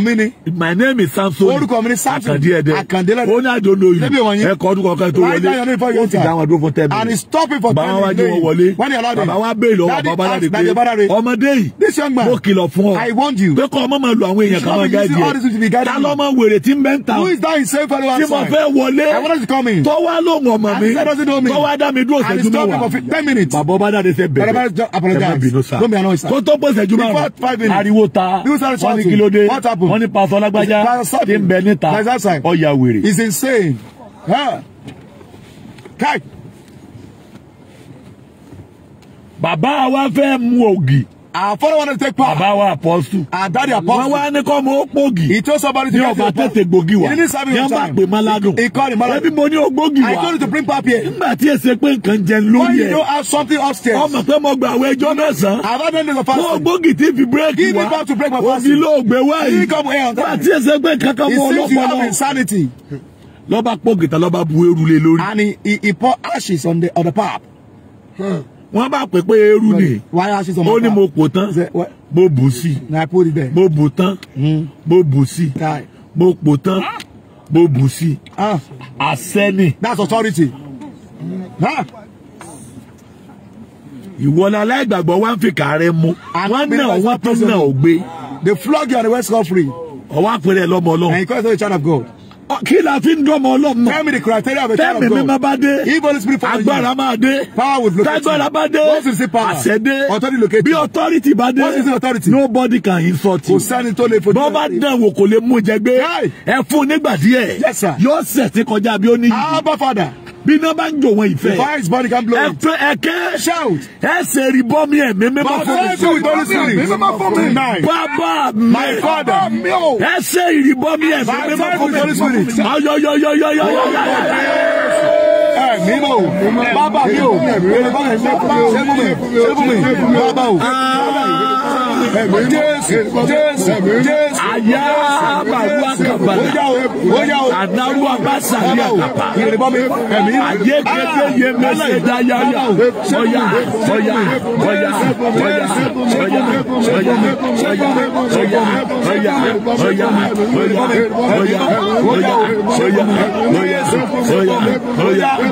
my name is Samson orúkọ mi ni Samson Akande Ẹdẹ ó ní I don't know you ẹ̀kọ́ ọdún kọ̀ọ̀kan tó wọlé ó ti dá wọn dúró fún tẹ́lẹ̀ bàbá wa jẹ́ wọn wọlé bàbá wa bẹ́ẹ̀ lọ́wọ́ bàbá Ọbádàrè pé ọmọdé yìí mo kìlọ̀ fún ọ pé kọ́ ọmọ máa lu àwọn èèyàn kan máa gáàdì ẹ̀ ta lọ́mọ wèrè tí ń bẹ́ ń ta tí mo fẹ́ wọlé tọ́wá lóhùn ọmọ mi tọ́wá dá mi bàbá bá dáadé sẹ bẹ̀rẹ̀ bàbá just apologize bínú sa lómi àná ìsà kó tó pèsè jù márùn ariwo ta wọ́n ní kílódé wọ́n ní pásọ lágbájá tí ń bẹ níta ọ̀yà wèrè. is insane. Huh? bàbá wa fẹ́ mu ògì àfọwọ́ wọn tẹ pa. bàbá wa apọ́sù. àdáde apọ́sù. wọn wá ní kọ́ mọ ògbógi. ìtò sọbọrì ti kẹ́ fi ọ̀pọ̀. yóò bá tètè gbògi wa. ìdílé sábì yóò bá pè maládùn. ìkọlì maládùn. ẹbí mo ní ògbógi wa. I told you to bring pap here. nígbà tí èsè pé nǹkan jẹ lóye. Why you no have something upstairs. ọmọ pé mo gba àwọn ẹjọ́ mẹ́sàn-án. àbá bẹ́ẹ̀ ní sọ fásitì. mo ògbógi ti fi bírèkì wa. kí break my fast. òbí ló gbé wáyé. nígbà tí èsè pé nǹkan kan mọ ọlọ́pàá he he ashes on the on the pap wọ́n bá pè pé eérú ni ó ní mo pò tán mo bù sí mo bù tán mo bù sí mo pò tán mo bù sí àṣẹ ni. that's authority. ìwọlẹ̀ aláìgbàgbọ́ wá ń fi kàárẹ̀ mu wọ́n náà wọ́n tún náà ò gbé. they flog you on the west country. ọwọ́ àpẹẹrẹ lọ́mọ ọlọ́run. and you call yourself a child of God kí fi ń dọ́mọ ọlọ́mọ. tell me the criteria of a child of God. tẹ́mi mímọ́ bá dé. if holy spirit follow you. power with location. tágbára bá dé. once you see power. authority location. bí authority bá dé. authority. nobody can insult you. kò sẹ́ni tó lè fojú. bọ́ bá dán wò kò lè mú jẹ gbé. ẹ fún nígbà díẹ̀. yes sir. yóò sẹ̀ sí kọjá bí ó níyì. father bí iná bá ń jò wọn ìfẹ́. the fire is burning can blow it. ẹ̀fẹ́ ẹ̀kẹ́. shout. ẹsẹ̀ rí bọ́ mi ẹ̀mí mímọ́ fún mi. my friend with holy spirit mímọ́ fún mi. bàbá mi. my father. Oh. ẹsẹ̀ rí bọ́ mi ẹ̀mí mímọ́ fún mi. my friend with holy spirit. ayọyọyọyọyọyọyọyọ mímọ o bàbá mi o yorùbá mi sẹ́gun mi sẹ́gun mi bàbá o. Jésù Jésù Jésù. Àyà màlúù àkàbàlà. Àdáwó àbáṣà ní àkàbà. Àyè kéde yé mẹ́sẹ̀ dáyà yà. Ọ̀yà ọ̀yà ọ̀yà ọ̀yà ọ̀yà ọ̀yà ọ̀yà ọ̀yà ọ̀yà ọ̀yà ọ̀yà ọ̀yà ọ̀yà ọ̀yà ọ̀yà ọ̀yà oya oya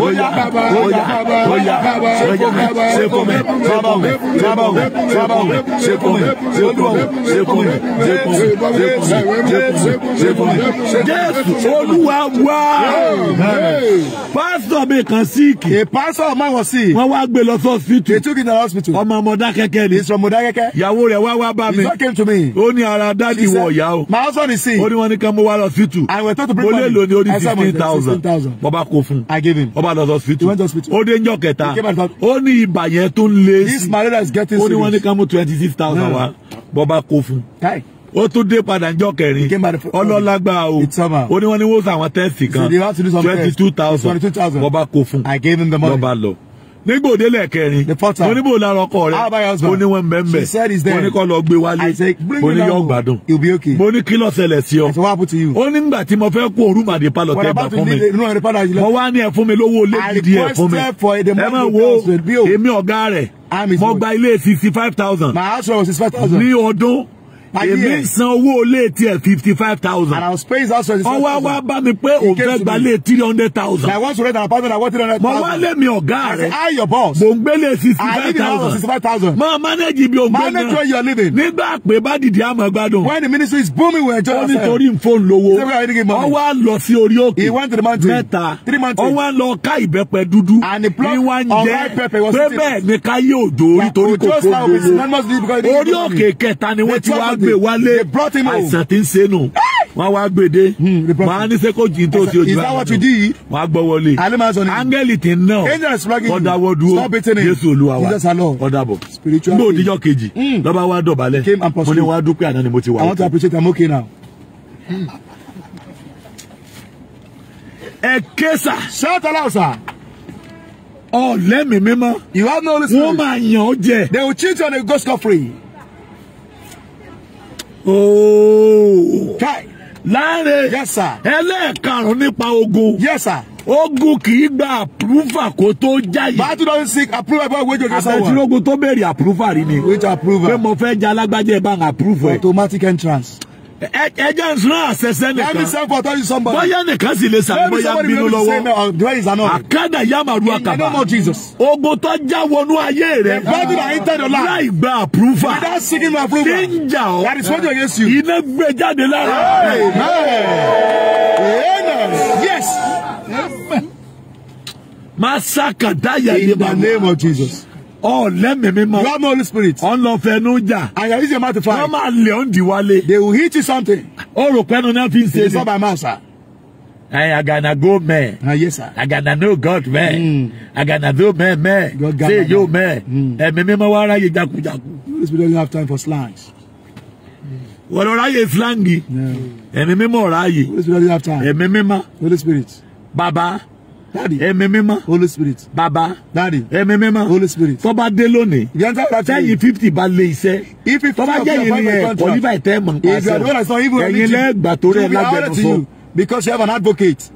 oya oya oya ṣe fún mi ṣe bá wù ṣe bá wù ṣe bá wù ṣe fún mi ṣe fún mi ṣe fún mi ṣe fún mi ṣe fún mi ṣe fún mi ṣe fún mi. Jésù Olúwa wá pásítọ̀ mi kan síìkì. A pastor of mine was sick. Wọ́n wá gbé lọ sí hospital. They took him to the hospital. Ọmọ Mọdákẹ́kẹ́ ni. He's from Mọdákẹ́kẹ́. Ìyàwó rẹ̀ wá wá bá mi. He just came to me. Ó ní ara dáàdi wọ̀ ọ̀yá o. My husband is sick. Ó ní wọ́n ní ká mú wá lọ hospital. I went to bring money. Mo lè lò ní orí fifteen thousand. Bọ́bá kó fún un ọba lọ hospital ó dé njọ́ kẹta ó ní ibà yẹn tó ń lé sí ó ní wọ́n ní ká twenty six thousand wá bọ́ba kó fún un ó tún dé padà njọ́ kẹrin ọlọ́lágbá o ó ní wọ́n ní wọ́n sàwọn tẹ́sì kan twenty two thousand Twenty-two thousand. bọ́ba kó fún money. lọ́ba lọ nígbò délẹ̀ kẹrin mo níbò lára ọkọ rẹ mo ní wọn bẹ́ẹ̀nbẹ́ẹ̀ mo ní kọ́ lọ gbé wálé mo ní yọ gbádùn mo ní kí ló ṣẹlẹ̀ sí ọ ó ní gbà tí mo fẹ́ kó orú màdì palọ̀ tẹ̀ gbà fún mi mo wá ní ẹ fún mi lówó lé gidi ẹ fún mi ẹ máa wo èmi ọ̀gá rẹ̀ mo gba ilé sixty five thousand ní ọdún èmi san owó ilé tiẹ̀ fifty five thousand. and I was paying house rent. ọwọ́ wa bá mi pé òun fẹ́ gba ilé three hundred thousand. I want to rent an apartment I want three hundred thousand. mo wá lé mi ọ̀gá rẹ̀. I say your boss. mò ń gbélé sixty five thousand. I live in house sixty five thousand. máa manage ibi òun gbé náà. manage where you are living. nígbà pé bá dìde àmọ́ gbádùn. when the ministry is booming we enjoy ourselves. ó ní torí n fóun lówó. ọwọ́ lọ sí orí òkè. he went to the mountain. mẹ́ta three mountains. ọwọ́ lọ ká ìbẹ́pẹ dúdú. and he plucked unripe pepper. pé bẹ́ẹ̀ ni ká yé òjò orí torí kò fóun lówó. orí òkè kẹta ni wọ́n ti wá gbé wálé àìsàn tí ń ṣe nù wọn wá gbèdé màá hmm, ní sẹ́kọ̀ jì tó ti ojú àwọn ọdún wọn á gbọ́ wọlé áńgẹ́lì tí ń náà ọ̀dà wọ́dúró jésù olúwa wa ọ̀dà bọ̀ ní òdìjọ́ kejì hmm. lọ́ba wa dọ̀bálẹ̀ mo ní wọn á dúpẹ́ àná ni mo ti wà. I want to appreciate am okay now. ẹ késà. shout aloud sir ọ̀lẹ́mìí mímọ́. you have no reason. wọ́n máa yàn ọ́ jẹ. they will cheat you on a ghost cup free ooo. kai. láre. yes sir. ẹlẹ́ẹ̀karùn-ún nípa ogun. yes sir. ogun kì í gba àpúrúfà kó tó jáyé. bàtú don seek approval bá wéjọ kí sáwọn. àtẹ̀tí ogun tó bẹ̀rẹ̀ àpúrúfà rí ni. which approval. pé mo fẹ́ jẹ́ alágbájẹ́ bá ń àpúrúfà. automatic entrance ẹjẹ nsúná àṣẹṣẹ nìkan. let me send for thirty somebody. bóyá nìkan sì lè sàmì bóyá bínú lọ́wọ́. there yamaru akaba. the name of Jesus. ogun tó já wọnú ayé rẹ. that láì gba àpúrúfà. without ń jà ọ́. is against you. iná gbé jáde lára. amen. yes. masakadaya in the name of Jesus ọ̀lẹ́ mímí mọ́. you have no holy spirit. ọ̀n lọ fẹnu jà. and you are using your mouth to fight. wọ́n máa lè ọ́n di wálé. they will hit you something. ó rò pé ẹnu náà fi ń ṣe ni. not by mouth sir. I gonna go man. Ah, yes, sir. I gonna know God man. Mm. I gonna do man man. God, God, Say yo man. Hmm. Ẹ̀mí mímọ́ wá ráyè jákujáku. This we don't have time for slangs. Hmm. Wọ́n lọ ráyè slangi. Ẹ̀mí mímọ́ ráyè. This we don't have time. Ẹ̀mí mímọ́. Holy spirit. Baba. Daddy. Ẹ̀mí mímọ́. Holy Spirit. Baba, Daddy. Ẹ̀mí mímọ́. Holy Spirit. Tọ́ba dé lónìí. You enter that train. Tẹ́yìn fifty bá lé iṣẹ́. If it. of your appointment contract. Tọ́ba jẹ́ ìrìn ẹ̀ qualify tẹ́ mọ̀ nípa ṣe. If you are the one that is not even Ẹ̀yin lẹ́gbàá torí ẹ̀ lágbẹ̀ẹ́nusọ. Because you have an advocate.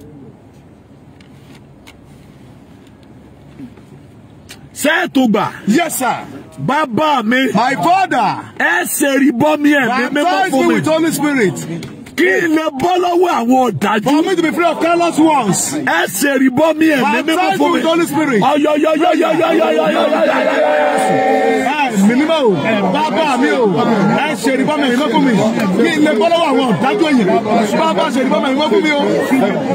sẹ́ẹ̀tù gbà. yes sir. bàbá mi. my father. ẹ ṣèrìbọ́ mi ẹ̀mí mímọ́ fún mi. baptize me with holy spirit kí ilẹ̀ bọ́ lọ́wọ́ àwọn ọ̀dájú. for me to be free of careless ones. ẹ ṣe ìrìbọ mi ẹ̀mí mímọ́ fún mi. my time to the holy spirit. ọyọyọyọyọyọyọyọyọyọyọyọyọ. mímímọ́ o bàbá mi o ẹ ṣe ìrìbọ mi ẹ̀mí fún mi kí ilẹ̀ bọ́ lọ́wọ́ àwọn ọ̀dájú ẹ̀yìn bàbá ṣe ìrìbọ mi ẹ̀mí fún mi o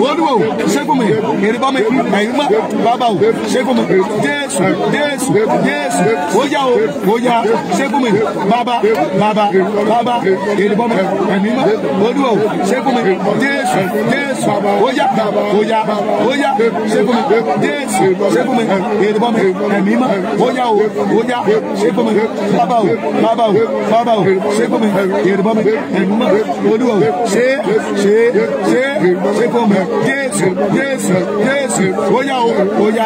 olúwo ṣé fún mi ìrìbọ mi ẹ̀yìn mọ́ bàbá o ṣé fún mi jésù jésù jésù ó yá o ó yá ṣé fún mi bàbá bàbá bàbá ìrìbọ mi ẹ̀mí mọ́ olúwo o ṣẹ́gun mi jésù Oya Oya Oya óyá ṣẹ́gun mi jésù ṣẹ́gun mi ìdìbò mi ẹ̀mí mọ́ óyá o óyá ṣẹ́gun mi bàbá o bàbá o bàbá o ṣẹ́gun mi ìdìbò mi ẹ̀mí mọ́ olúwa o ṣe ṣe ṣe ṣẹ́gun mi jésù jésù jésù o óyá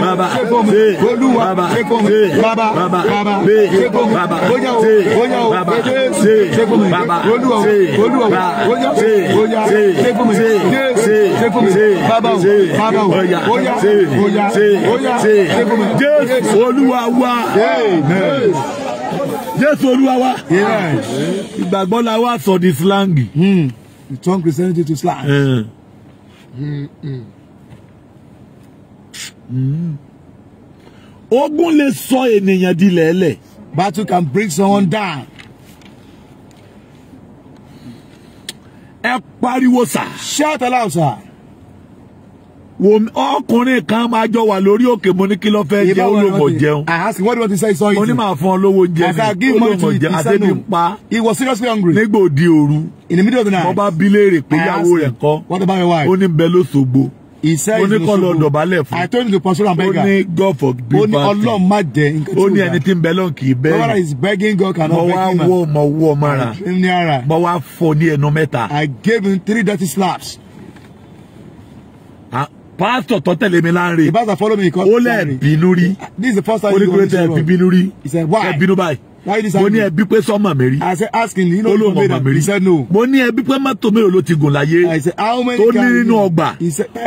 baba se olúwa baba baba se baba se baba se baba olúwa Baba, Baba, se se se baba se baba oya oya se oya se oya se Jésù olúwa wa amen. Jésù olúwa wa. Ìgbàgbọ́ la wá sọ di slang. Mm. You turn Christianity to slang. Mm. Mm -mm. Mm. ogun lè sọ ènìyàn di lẹ́lẹ̀. you can bring someone down. ẹ pariwo sà. shout aloud sà. ọkùnrin kan máa jọ wà lórí òkè mo ní kí ló fẹ́ jẹ olóòmọ̀ jẹun. I ask him what do you want to say so easy. mo ní máa fún ọ lówó jẹ mi olóòmọ̀ jẹun àtẹ́bí pa. he was seriously hungry. nígbà òdi òru. in the middle of the night. wọ́n bá bí léèrè pé ìyàwó rẹ̀ kọ́. what about your wife. ó ní bẹ́ẹ̀ lóṣogbo he said mo ní kọ́ lọ dọ̀bálẹ̀ fún. I told the pastor and beggar. ó ní God forgive me. ó ní ọlọ́run má jẹ nǹkan tí ó wà. ó ní ẹni tí ń bẹ lọ́n kì í bẹ́ẹ̀. God is begging God cannot beg him. mo wá wọ mo wọ mara. ní ara. mo wá fọ ní ẹnu mẹ́ta. I gave him three dirty slaps. Ah, pastor tó tẹ̀lé mi láàrin. the pastor follow me. ó lẹ́ẹ̀ bínú rí. this is the first time he go to church. ó ní kúrẹ́tẹ̀ bínú rí. he said why. ẹ bínú báyìí mo ní ẹbí pé sọ́mà mi rí ó ló mọ̀ mi rí mo ní ẹbí pé mọ́tò mélòó ló ti gùn láyé tó ní nínú ọgbà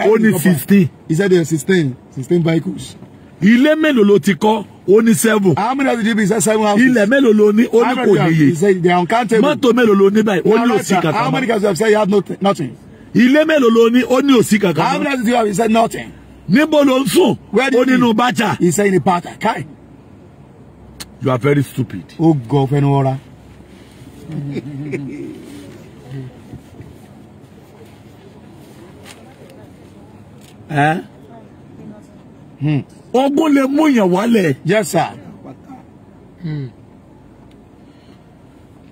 ó ní sixteen. he said there are sixteen vehicles. ilé mélòó ló ti kọ́ ó ní seven. how many houses did seven houses. ilẹ̀ mélòó ló ní ó ní kò níye. he said they are uncountable. mélòó ló ní báyìí ó ní òsì kankan. how many houses said you ilé mélòó ló ní ó ní òsì kankan. how many houses do you he said nothing. níbo ló ń sùn. where do ó nínú bàtà. he said in the bàtà kai you are very stupid. ó gọ fẹnu Hmm. ọgbọ́n le mu yàn wale, yes sir. Hmm.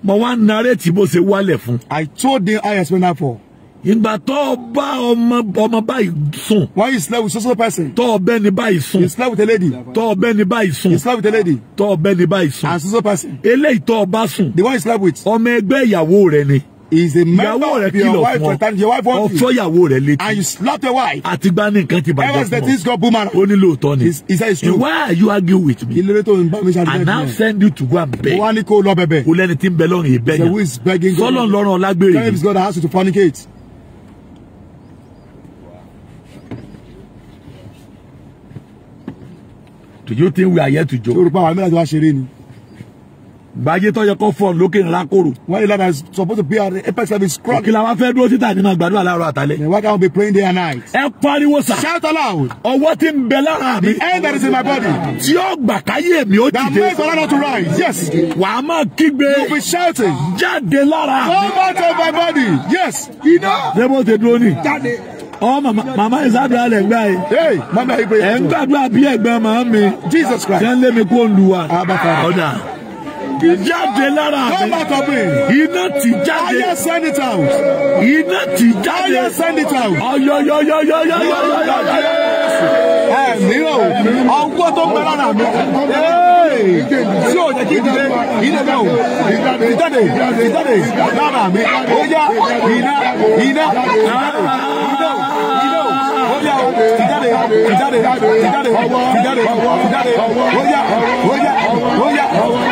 mo wá narrate bó se wale fun. I told them I explained that for ìgbà tó o bá ọmọ ọmọ báyìí sùn. why you slept with social person. tó o ni báyìí sùn. you slept with a lady. tó o ni báyìí sùn. you slept with a lady. tó o ni báyìí sùn. and social person. eléyìí tó o bá the one you slept with. ọmọ ẹgbẹ́ ìyàwó rẹ ni is a man. of your wife for time your wife want you. ọfọ ìyàwó rẹ and you slapped your wife. Ati gba ní nǹkan ti bàjẹ́ fún ever since this girl boom out. ó ní lóòótọ́ ni. he says it's true. why are you arguing with me. ilé tó ń bá mi ṣe and now send you to go and beg. wọ́n á ní kó lọ bẹ̀bẹ̀. kò lẹ́ni tí ń bẹ lọ́rùn yìí bẹ́ẹ̀ yẹn. so who is begging God. sọlọ́n lọ́rùn ọlágbèrè. God has to fornicate. to you think we are here to joke. yorùbá àwọn mìíràn ti wá ṣeré ni. gbàjẹ́ tó yẹ kó fọ lókè ńlá kóró. why you like i suppose to pay our apex service crop. òkìlà wa fẹ́ dúró títà nínú àgbàdo aláàárọ̀ àtàlẹ́. then why can't we be praying day and night. ẹ pariwo sà. shout aloud. ọwọ́ tí ń bẹ lára mi. the end that is in my body. tí ó gbà káyé mi ó dìde. that makes Allah not to rise yes. wà á máa kígbe. you be shouting. jáde lára mi. come out my body yes. iná. ṣé mo ti dúró ni. jáde ọ mama mama ìsàdúrà lẹ gbà yìí ẹ ń gbàdúrà bí ẹ̀gbọ́n màá mi Jesus Christ jẹ́ ń lé mi kó ń lu wa ọ̀dà jáde lára mi. Come out of me. Iná ti jáde. Ayé send it out. Iná ti jáde. Ayé send it out. Ọ̀yọ̀yọ̀yọ̀yọ̀yọ̀yọ̀yọ̀. Ẹ mìíràn o, ọ̀nkọ́ tó gbẹ lára mi. Tí o jẹ́ kí ìdílé ilé bẹ́ẹ̀ o, ìjáde ìjáde lára mi. Ó yá iná iná tìjáde tìjáde tìjáde tìjáde tìjáde ó yá ó yá ó yá.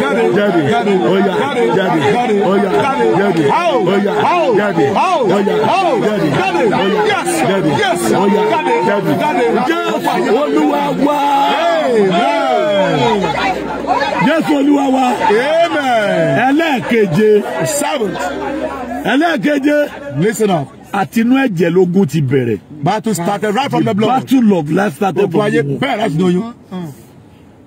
jáde ọ̀yà jáde ọ̀yà jáde ọ̀yà jáde ọ̀yà jáde ọ̀yà jáde ọ̀yà jáde jésù olúwa wá. jésù olúwa wá. ẹlẹ́ẹ̀keje ẹlẹ́ẹ̀keje. listen up àtinú ẹ̀jẹ̀ lógún ti bẹ̀rẹ̀. battle started right from the blood. battle of life started from the blood. bẹ́ẹ̀ láti doyún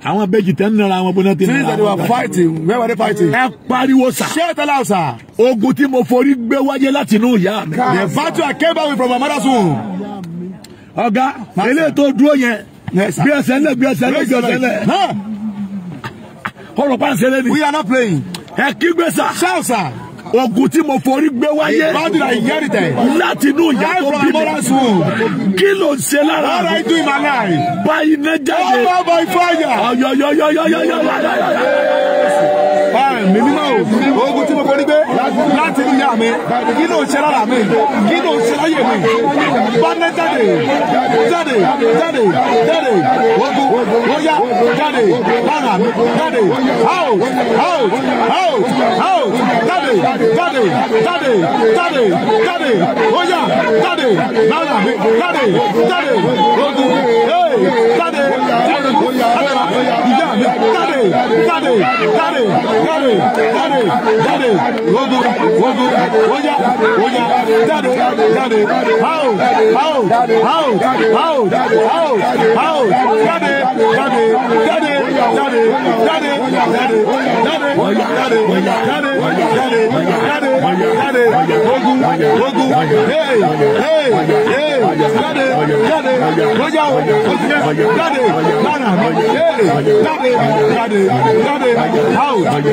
àwọn bẹ́ẹ̀jì tẹ́ ń nara àwọn bọ́nà tẹ́ ń nara àwọn bọ́nà. fighting where were they fighting. ẹ pariwo sa. ṣé ẹ tẹ́lá sa. ogun tí mo forí gbé wáyé láti inú ìyá mi. the virtue I came away from my mother's womb. ọ̀gá eléyìí tó dúró yẹn bí ẹsẹ̀ ńlẹ̀ bí ẹsẹ̀ ńlẹ̀ bí ẹsẹ̀ ńlẹ̀. ọ̀rọ̀ pàṣẹ lẹ́nu. we are not playing. ẹ kígbe sa. ṣáà sa ogun tí mo forí gbé wáyé láti inú ìyá tó bí mi kí ló ń ṣe lára mi báyìí náà jáde ọyọyọyọyọyọyọ ẹ̀mí mímọ́ o ogun tí mo forí gbé láti inú ìyá mi kí ló ń ṣe lára mi kí ló ń ṣe láyé mi bánẹ́ jáde jáde jáde jáde ogun ó yá jáde lára mi jáde out out out out jáde jáde jáde jáde jáde ó yá jáde lára mi jáde jáde ogun jáde jáde jáde ìyá jáde jáde jáde jáde jáde jáde rodo rodo oya oya jáde jáde hao hao hao hao hao hao jáde jáde jáde jáde jáde jáde jáde jáde jáde jáde jáde ogun ogun hey hey hey jáde jáde oya oya jáde lánàá hey jáde jáde jáde hao.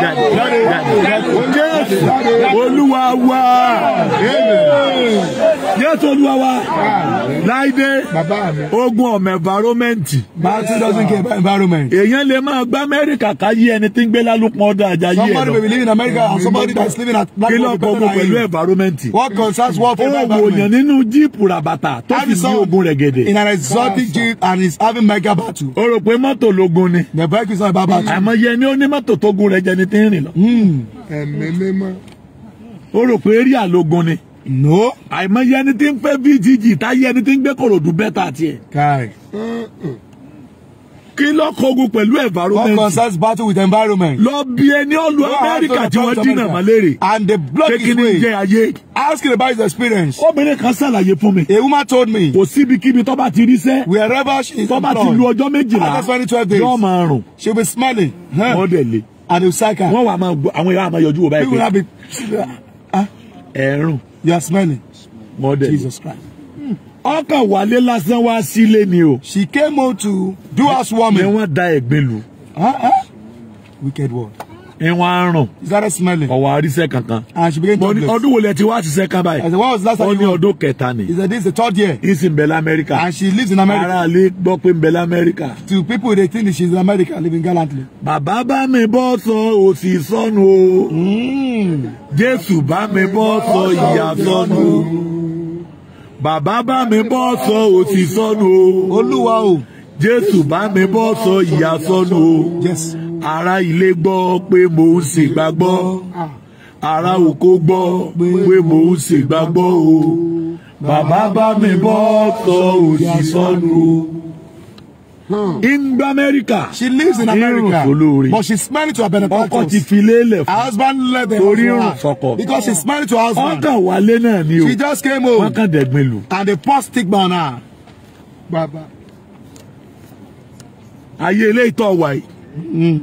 that, that, that, that, that, olúwa wa yẹ́tò olúwa wa láìdé ogun ọmọ ẹ̀fárómẹ́ǹtì. Martin lè máa gba Amẹ́ríkà ká ẹni tí ń gbé lálùpọ̀ ọ̀dọ̀ àjà yí ẹ̀ lọ. somebody may be living in America and somebody that living at black pẹ̀lú ẹ̀fárómẹ́ǹtì. what concerns war for environment. ó wòyàn nínú jíìpù ràbàtà tó fi ní ogun rẹ̀ gẹ̀dẹ̀. in an exotic and is having mega battle. o rò pé mọ́tò lógun ni. the bike is not about battle. àmọ́ yẹn ni ó ní mọ́tò tó gun rẹ̀ jẹ ni tí ń rìn lọ. Hmm ẹ̀mí hmm. mímọ́. ó rò pé eré àlógun ni. no. àìmọye ẹni tí ń fẹ́ bíjìjì táyé ẹni tí ń gbé kòròdú bẹ́tà tiẹ̀. káì. Hmm. kí ló kogun pẹ̀lú environment. what concerns battle with environment. lọ bí ẹni ọlù amẹ́ríkà tí wọ́n dínà mọ́lẹ́rẹ̀. and the block is. way. kékeré jẹ́ ayé. ask him about his experience. obìnrin kan ṣàlàyé fún mi. a woman told me. kò síbi kíbi ti rí sẹ́. wherever she is employed. tó ti lu ọjọ́ méjìlá. after twenty twelve days. yóò máa rùn. she be smiling. Huh? and osaka. wọ́n wà máa gbọ́ àwọn èèyàn àmọ́ yọjú wò báyìí pé. people have been ah, ẹ̀rùn. you are smelling. wọ́n Jesus Christ. Hmm. ọkàn wálé lásán wá sílé ni o. she came out to do us housewarming. ni wọ́n da ẹ̀gbin lu. Ah, ah. wicked word ìwọ̀n àrùn. is that a smell. ọ̀wọ̀ àríṣẹ́ kankan. and ah, she began to bless. ọdún wo lẹ ti wá ṣiṣẹ́ kan báyìí. I said when was the last time you. ó ní ọdún kẹta ni. he said this is the third year. He's in Bella America. and she lives in America. ara ilé gbọ́ pé Bella America. to people they think she is in America living gallantly. bàbá bá mi bọ́ sọ òsì sọnù o. Hmm. Jésù bá mi bọ́ sọ ìyà sọnù o. bàbá bá mi bọ́ sọ òsì sọnù o. Olúwa o. Jésù bá mi bọ́ sọ ìyà sọnù o. yes ará ilé gbọ́ pé mò ń ṣègbà gbọ́ ará oko gbọ́ pé mò ń ṣègbà gbọ́ o bàbá bá mi bọ́ tọ́ òsì sọ́nu In America. She lives in America. Irun But she's married to her benefactors. Ọkọ ti fi lélẹ̀ fún. Her husband left her. Torí irun Because she's married to her husband. Wọ́n kàn wálé náà ni o. She just came home. Wọ́n kàn dẹ̀gbin lù. And they pour stigma on her. Bàbá. Ayé ilé ìtọ̀ wáyé. Hmm.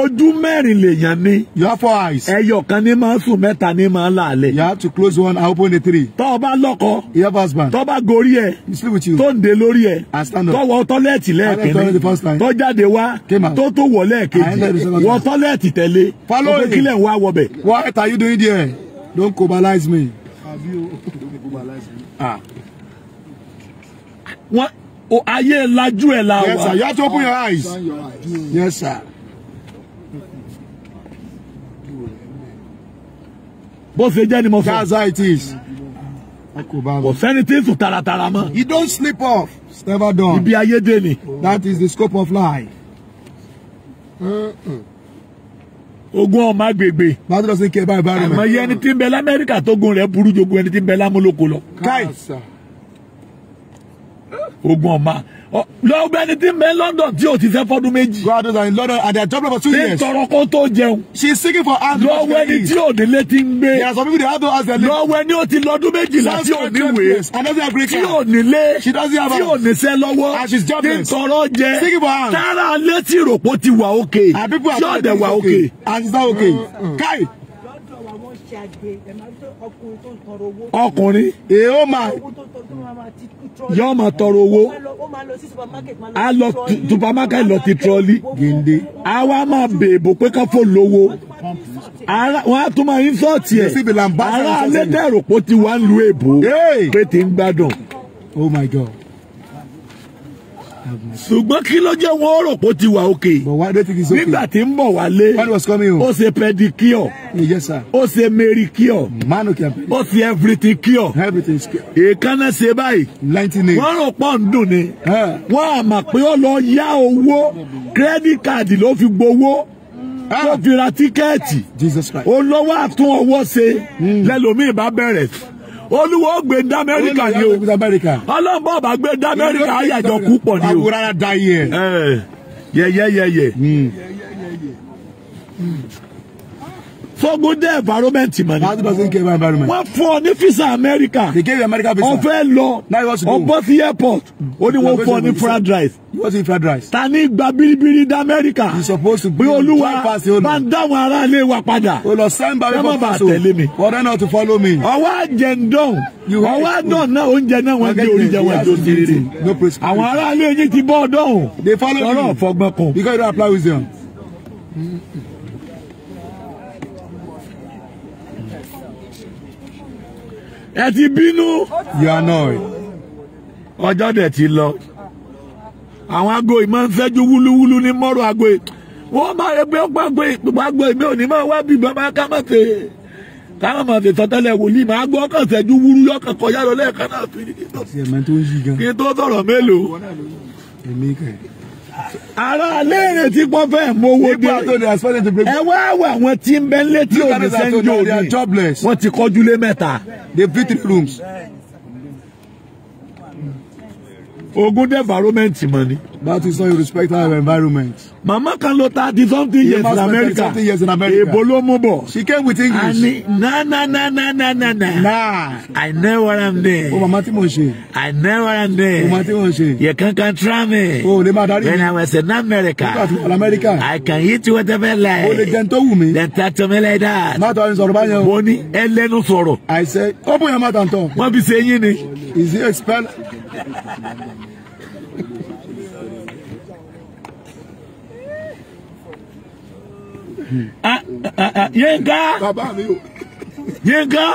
ojú mẹ́rin lèèyàn ni. you have four eyes. ẹyọ kan ní máa ń sùn mẹ́ta ní máa ń làálẹ̀. you have to close one and open the three. tọ́ ọ bá lọ́kọ. you have husband. tọ́ bá gorí ẹ̀. he sleep with you. tó ń de lórí ẹ̀. I stand up. tọ́wọ́ tọ́lẹ́ẹ̀tì lẹ́ẹ̀kẹ́ni. I went the first time. tọ́jáde wá. came out. tó tó wọ̀ lẹ́ẹ̀kejì. I entered the second time. wọ tọ́lẹ́ẹ̀tì tẹ̀lé. follow me. òfin kílẹ̀ ń wá wọbẹ̀. what are you doing there? don't cobalize me. àbí o don't cobalize me. ah. wọ́n Oh, ayé lajú ẹ̀ yes sir you have to open your eyes. yes sir. bó the jẹ́ ni mo that's how it is. kò sẹ́ni tí ń sùn you don't sleep off. it's never done. ibi ayé dé ni. that is the scope of life. Mm -mm ogun ọmọ agbègbè. bàtúrọ̀ sí kẹ́ báyìí báyìí. àmọ́ yẹni tí ń bẹ lamẹ́ríkà tó gun rẹ̀ burú jogun ẹni tí ń bẹ ogun ọma lọ tí ń London tí o ti fẹ́ fọdún méjì. brothers are in London and they are jobless for two years. ṣe tọrọ kó tó jẹun. she is seeking for house. lọ́wọ́ ẹni tí ò nílé ti ń gbé. there are some people dey have no house dem live. lọ́wọ́ ó ti lọ́dún méjìlá tí ò ní wé. and tí ò nílé. she doesn't have house. tí ò níṣẹ́ lọ́wọ́. and she is jobless. ní tọrọ jẹ. seeking for house. tára létí ìròpó ti wà òkè. and people are telling me it's okay. and it's not okay. Mm, mm. kai ọkùnrin. èèó máa. yóò ma tọrọ owó a lọ supermarket lọ ti trọ́lì gèdè a wá máa bèèbò pé ká fò lówó wọ́n á tún máa insult ẹ̀ ara alẹ́ dẹ̀rọ̀ pé ti wá ń lu èbó pé ti ń gbádùn. Oh my God. ṣùgbọ́n kí ló jẹ́ wọ́n rò pé ti wà òkè. but why don't think it's okay. nígbà tí ń bọ̀ wálé. when was coming home. ó ṣe pedicure. yes sir. ó ṣe manicure. manu kí a pè. ó ṣe everything cure. everything is cure. èékánná ṣe báyìí. nineteen eight. wọ́n rò pọ̀ ń dùn ni. wọ́n àmà pé ó lọ yá owó credit card ló fi gbowó ló fi ra tíkẹ́ẹ̀tì. Jesus Christ. ó lọ́wọ́ àtún ọwọ́ ṣe hmm. lẹ́lòmíì bá bẹ̀rẹ̀ olúwo gbé dá amẹ́ríkà ni o ọlọ́mọ bàbá gbé dá amẹ́ríkà ayàjọ kú pọ̀ ni o yẹyẹyẹyẹ fọ́gún dé environment mọ̀ ni. That doesn't care about environment. Wọ́n fún ọ ní visa America. They gave you America visa. Ọ̀fẹ́ lọ. Now you want to do. Ọ̀bọ sí airport. Ó ní wọ́n fún ọ ní fried rice. You want to eat fried rice. Ta ni gba biribiri dá America. You supposed to be a joy pass owner. Máa ń dáwọn ará ilé wa padà. O lọ sign by report pass o. Ṣé For them not to follow me. Ọwọ́ àjẹ̀ndọ̀n. Ọwọ́ àdán náà oúnjẹ náà wọ́n dé oúnjẹ wọn tó ti rí. Àwọn ará ilé yín ti bọ́ ọdọ́hùn. They follow me. Lọ́rọ̀ fọgbọ́n kan. Because you don't apply wisdom. e ti binu you are annoyed. ọjọ́ dẹ̀ ti lọ. àwọn aago yìí máa ń fẹ́jú wúlúwúlú ní mọ́rọ̀ aago yìí. wọ́n máa rẹ pé ó pàgọ́ ìpínpá aago yìí mi ò ní máa wá bí bàbá kámọ́tè. kámọ́tè fi sọtẹ́lẹ̀ wòlíì máa ara léèrè tí pọ́n fẹ́ mowó dé ẹ wá wà wọn tí ń bẹ létí òní sẹ́ńjọ́ òní wọ́n ti kọ́jú lé mẹ́ta. ogun dẹ́ environment mọ́ ni. That is how you respect our environment. Mama Carlota did something yes, in America. Something years in America. Ebolo Mubo. She came with English. Na na na na na na na. Nah. I know what I'm there. Oh, Mama Timoshe. I know what I'm there. Oh, Mama Timoshe. You can't control me. Oh, they mad When I was in America. in America. I can eat whatever I like. Oh, they gentle woman. They talk to me like that. Mata ń sọ̀rọ̀ báyẹn. Mo ní I said, open your mouth and talk. What fi ṣe yín Is he expelled? Ah, ah, ah, Yínká Yínká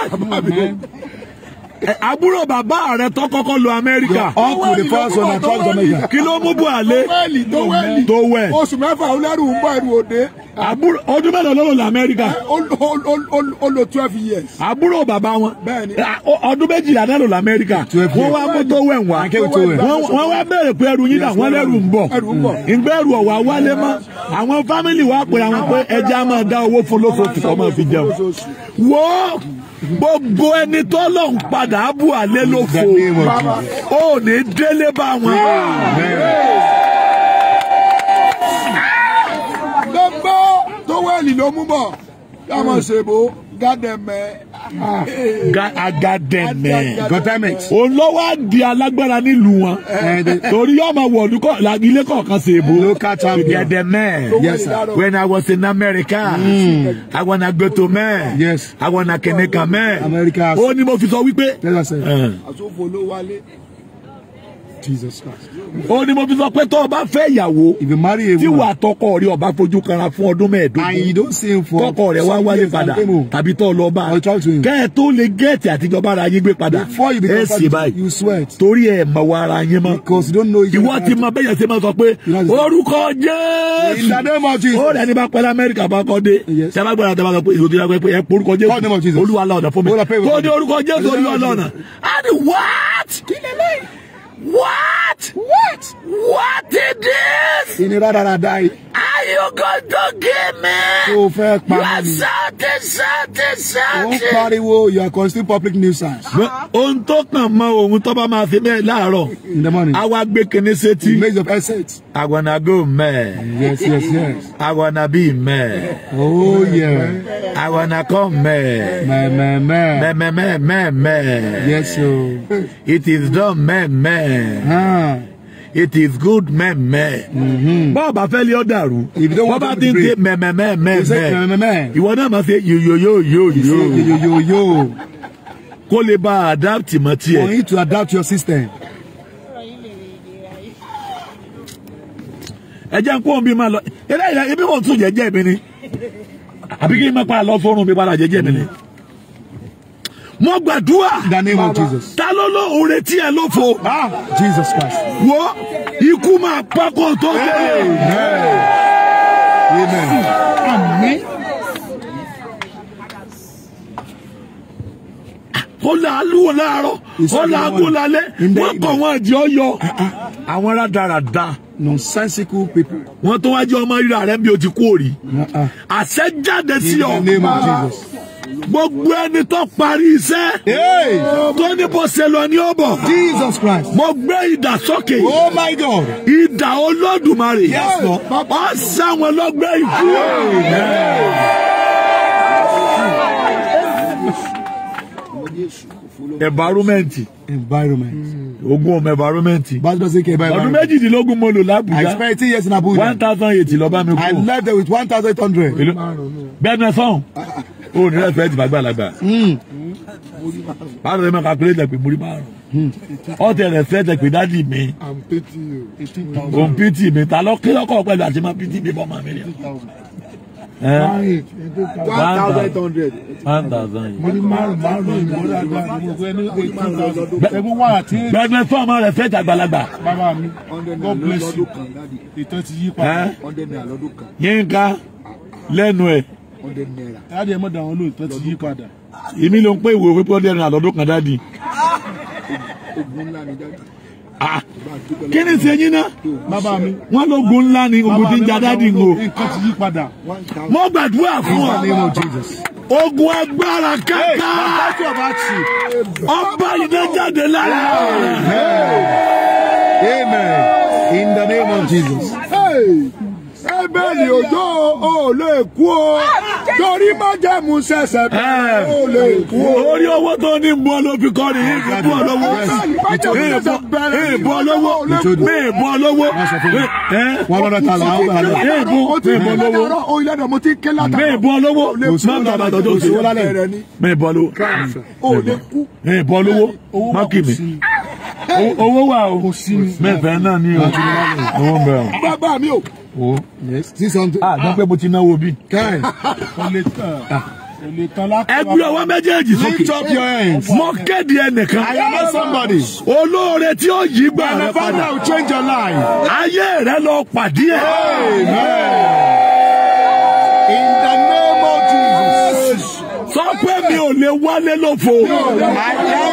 àbúrò bàbá rẹ tó kọ́kọ́ lọ amẹ́ríkà. ọkù the first one na trump jamaica. kí ló mú bu àlè. tó wẹ̀lì tó wẹ̀lì. oṣù mẹ́fà olẹ́rù ń bọ̀ ẹ̀rù òde. àbúrò ọdún mẹ́lẹ̀ ló lò lọ amẹ́ríkà. Eh, ó lò twelve years. àbúrò bàbá wọn. bẹ́ẹ̀ni. Eh, ọdún méjìlá náà lò lọ amẹ́ríkà. wọ́n wá mú tó wẹ̀ wá. wọ́n wá bẹ̀rẹ̀ pé ẹrù yín náà wọ́n lẹ́rù ń bọ̀. ìgbẹ́rù ọ̀wà wálé mọ́. àwọn fámìlì wa pè àwọn pé ẹja máa dá owó fún lóṣooṣù kọ́ máa fi jẹun. wọ́ọ́ gbogbo ẹni tó lọ́n padà bù alẹ́ ló fò ó ní délé bá wọn. gbogbo tó wẹ̀lì ló mú bọ̀ ká mọ̀ ṣèbó gádẹ́mẹ́. Agadene. Government. Olówó di alágbára nílùú wọn. Eh. Torí yóò máa wọ̀lú ilé kọ̀ọ̀kan sí ìbò. Local champion. Gẹ̀dẹ̀mẹ̀. Yes When I was in America. Mm. I wanna go to mẹ́. Yes. I wanna kẹ̀nẹ́kà mẹ́. America. Ó ní mo fi sọ wípé. Tẹ́lá sẹ́yìn. Eh. Àsòfò ló wálé. Jesus Christ. ó ní mo fi sọ pé tó o bá fẹ́ ìyàwó tí wà tọkọ rẹ ọba fojú kanra fún ọdún mẹ́ẹ̀ẹ́dógún tọkọ rẹ wá wálé padà tàbí tó lọ bá kẹ́ ẹ tó lè gẹ́ẹ̀tì àtijọba ara yín gbé padà ẹ sì báyìí torí ẹ mọ̀ wá ara yín mọ́ ìwọ ti mọ bẹ́yẹn ṣe máa sọ pé orúkọ Jésù ó rẹ̀ ní bá pẹ́lú Amẹ́ríkà bá kọ́ dé ṣe alágbára tó bá sọ pé ìlú tó yà pé ẹ porúkọ Jésù olúwa lọ́nà fún mi tó ní orúkọ Jésù olúwa lọ́nà and what. What? What? What is it is? Ìnira dáradára die? Are you going to give me? So o fẹ́ pa You are shouting, shouting, shouting. Ó ń pariwo you are constituting public nuisance. Ohun tó kàn mọ ohun tó bá máa fi bẹ́ẹ̀ láàárọ̀. In the morning. Àwa gbé kìnìún sétí. He makes the best I wanna go man. Yes, yes, yes. I wanna be man. Oh yeah. I wanna come man. Man, man, man. Man, man, man, man. man. Yes, sir. It is done man, man. Ah. It is good man, man. mẹ́mẹ́. Mm-hmm. Bọ́ọ̀bà fẹ́ man, man, rú. Wọ́n man, man, ń ṣe mẹ́mẹ́mẹ́ say Ìwọ náà máa ṣe yòyòyòyòyò. Kó lè bá a adapt mọ́ tiẹ̀. For you to adapt your system. ẹ jẹ́ ń kó òun bí máa lọ eré ìlà ibi mò ń sùn jẹ́jẹ́ mi ni àbí kí n máa pa lọ sórun mi padà jẹ́jẹ́ mi ni. mo gbàdúrà ta ló ló oore tí ẹ ló fo ah, wo ikú máa pákó tó dé. Amen. ó làálù láàárọ̀ ó làágùn lálẹ́ wọ́n kọ̀ wọ́n àjẹ́ ọ̀yọ́. Ah, ah, àwọn rádaràda nonsensical people. wọ́n tó wá ọmọ rírà rẹ̀ bí o ti kú òrì. Ah, àṣẹ jáde sí ọ gbogbo ẹni tó parí iṣẹ́ tó ní bó ṣe lọ ní ọ̀bọ̀ Jesus mo gbé idà sókè oh Olódùmarè ó ṣá wọn lọ́gbẹ́ environment. environment. Hmm. ogún ọmọ environment. bàtúbà sí kẹ́ environment. ọdún méjìdínlógún mo lò l'Abuja. I spent eighteen years in Abuja. one thousand eighty lọ bá mi kú. I left there with one thousand eight hundred. bẹ́ẹ̀ni sọ́n o ní respect gbàgbàlagbà. Hmm. Hmm. báwo ni mo calculate ẹ̀ pé mo rí márùn-ún. ọ̀tẹ̀ respect ẹ̀ pé dádì mi. I'm pity oh. mi ta lọ kí lọ́kọ̀ pẹ̀lú àti máa pity mi bọ́ máa mi rí one thousand eight hundred. one thousand eight. mo ní márùn márùn ní mo dáadáa mo gbé ní eight thousand. ẹgbẹ́ wọn àti. gbẹgbẹ fún ọmọ rẹ fẹ́ tàgbàlagbà. you ìtọ́ ti yí padà. yínká lẹ́nu ẹ̀. dáàdi ẹ̀ mọ̀ dà wọn lóòótọ́ ti yí padà. èmi ló ń pé ìwé òwe pé ọdẹ ẹ̀rìn àlọ́dún kan dáàdi. ogun ńlá Ah, kí ni ṣe yín náà bàbá mi wọ́n lógun ńlá ni ogun tí ń ja dáàdì ń o mo gbàdúrà fún ọ ogun agbára kẹta ọba iná jáde lára rẹ. Amen. In the name of Jesus bẹ́ẹ̀lì òjò ò lè kú o torí májẹ̀mú ṣẹ̀ṣẹ̀ bẹ́ẹ̀ ò lè kú o. orí owó tó ní bú ọ ló fi kọ́ ni yìí kì í bú ọ lọ́wọ́ yìí bú ọ lọ́wọ́ yìí bú ọ lọ́wọ́ wọn lọ́dọ̀ ta la àwọn àlọ́ yìí bú ọ lọ́wọ́ mẹ́ẹ̀ bú ọ lọ́wọ́ má bà bàtọ̀ tó ti wọ́n lálẹ́ mẹ́ẹ̀ bú ọ lọ́wọ́ mẹ́ẹ̀ bú ọ lọ́wọ́ má kì mí owó wà o mẹ́fẹ̀ẹ́ náà ní ọjọ́ owó ń bẹ̀rẹ̀. bàbá mi o o six hundred. a ah, dán ah. pé mo ti náwó bí. kẹ́hìn. o lè tán o ah. lè tán lápá. ẹ gbúdọ̀ méjèèjì sókè. lift up your hands. mo kéde ẹnìkan. I am not somebody. olóore tí ó yí gbà rẹ padà. my father will change your life. ayé rẹ lọ pàdé ẹ. amen. in the name of Jesus. sọ pé mi ò lè wálé lófo. mi ò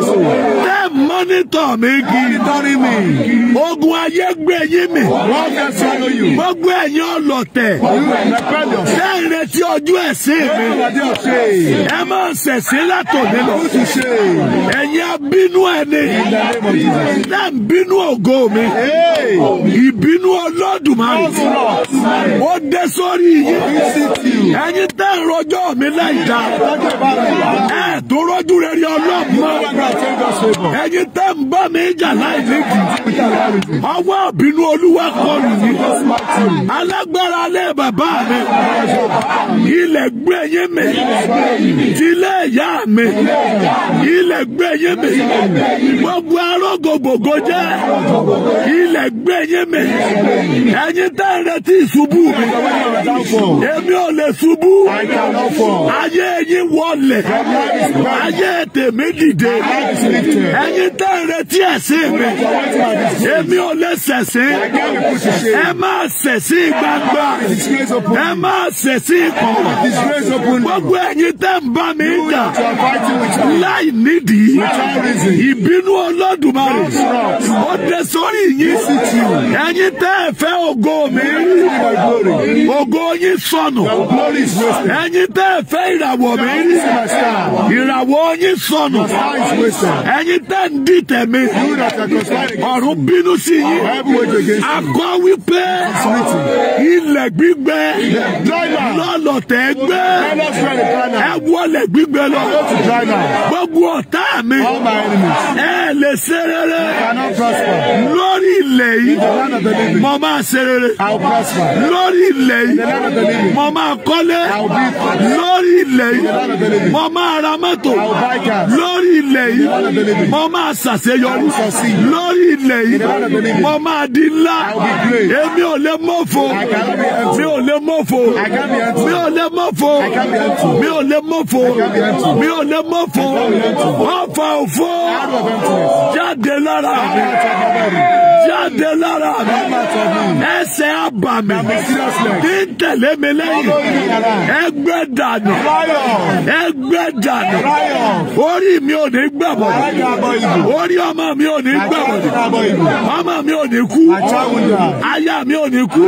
Dem monitor mi kì í. Ogun ayé gbé yín mi. Gbogbo ẹ̀yin ọlọ̀tẹ̀. Ṣé ìrètí ọjọ́ ẹ̀sìn mi? Ẹ máa ṣẹ̀sìn látòdì lọ. Ẹ̀yin abínú ẹni. Dem bínú ògo mi. Ìbínú Olódùmarè. Ó dé sórí yín. ẹ̀yin tẹ ń rojọ́ mi láìda ẹ̀ tó rọ́jú rẹ̀ rí ọlọ́mọ ẹ̀yin ń bá mi jà láìnídìí ọwọ́ ìbínú olúwa kọlù mí alágbára alẹ́ bàbá mi ilẹ̀ gbé yín gbogbo arógògbògbò ilẹ̀ gbé yín mi ń retí lè ṣubú. Ayé yín wọlẹ̀. Ayé tèmi dìde. Ẹ̀yin tẹ́ ń retí ẹ̀sìn mi. Èmi ò lè ṣẹ̀sìn. Ẹ máa ṣẹ̀sìn gbangba. Ẹ máa ṣẹ̀sìn kọ̀ọ̀. Gbogbo ẹ̀yin tẹ́ ń bá mi jà. Láì nídìí. Ìbínú Olódùmarè. Ó dé sórí yín. Ẹ̀yin tẹ́ ẹ fẹ́ ògo mi. Ògo yín sọnù ẹ̀yin tẹ́ ẹ fẹ́ ìràwọ̀ mi ìràwọ̀ yín sọnù ẹ̀yin tẹ́ ń dì tẹ̀mí ọ̀run bínú sí yín akọ wípé ilẹ̀ gbígbẹ lọ́lọ́ tẹ́ gbẹ́ ẹ wọlé gbígbẹ lọ gbogbo ọ̀tá mi ẹ lè ṣe rere lórí ilẹ̀ yìí mo máa ṣe rere lórí ilẹ̀ yìí mo máa kọ́ kọ́lé lórí ilẹ̀ yìí mo máa ra mọ́tò lórí ilẹ̀ yìí mo máa ṣàṣeyọrí lórí ilẹ̀ yìí mo máa di ńlá èmi ò lè mọ́fo mi ò lè mọ́fo mi ò lè mọ́fo mi ò lè mọ́fo mi ò lè mọ́fo wọ́n fa òfo jáde lára jáde lára mi ẹsẹ̀ àbà mi ní tẹ̀lé mi lẹ́yìn ẹgbẹ́ dànù ẹgbẹ́ dànù orí mi ò ní gbàbọ̀ orí ọmọ mi ò ní gbàbọ̀ ọmọ mi ò ní kú aya mi ò ní kú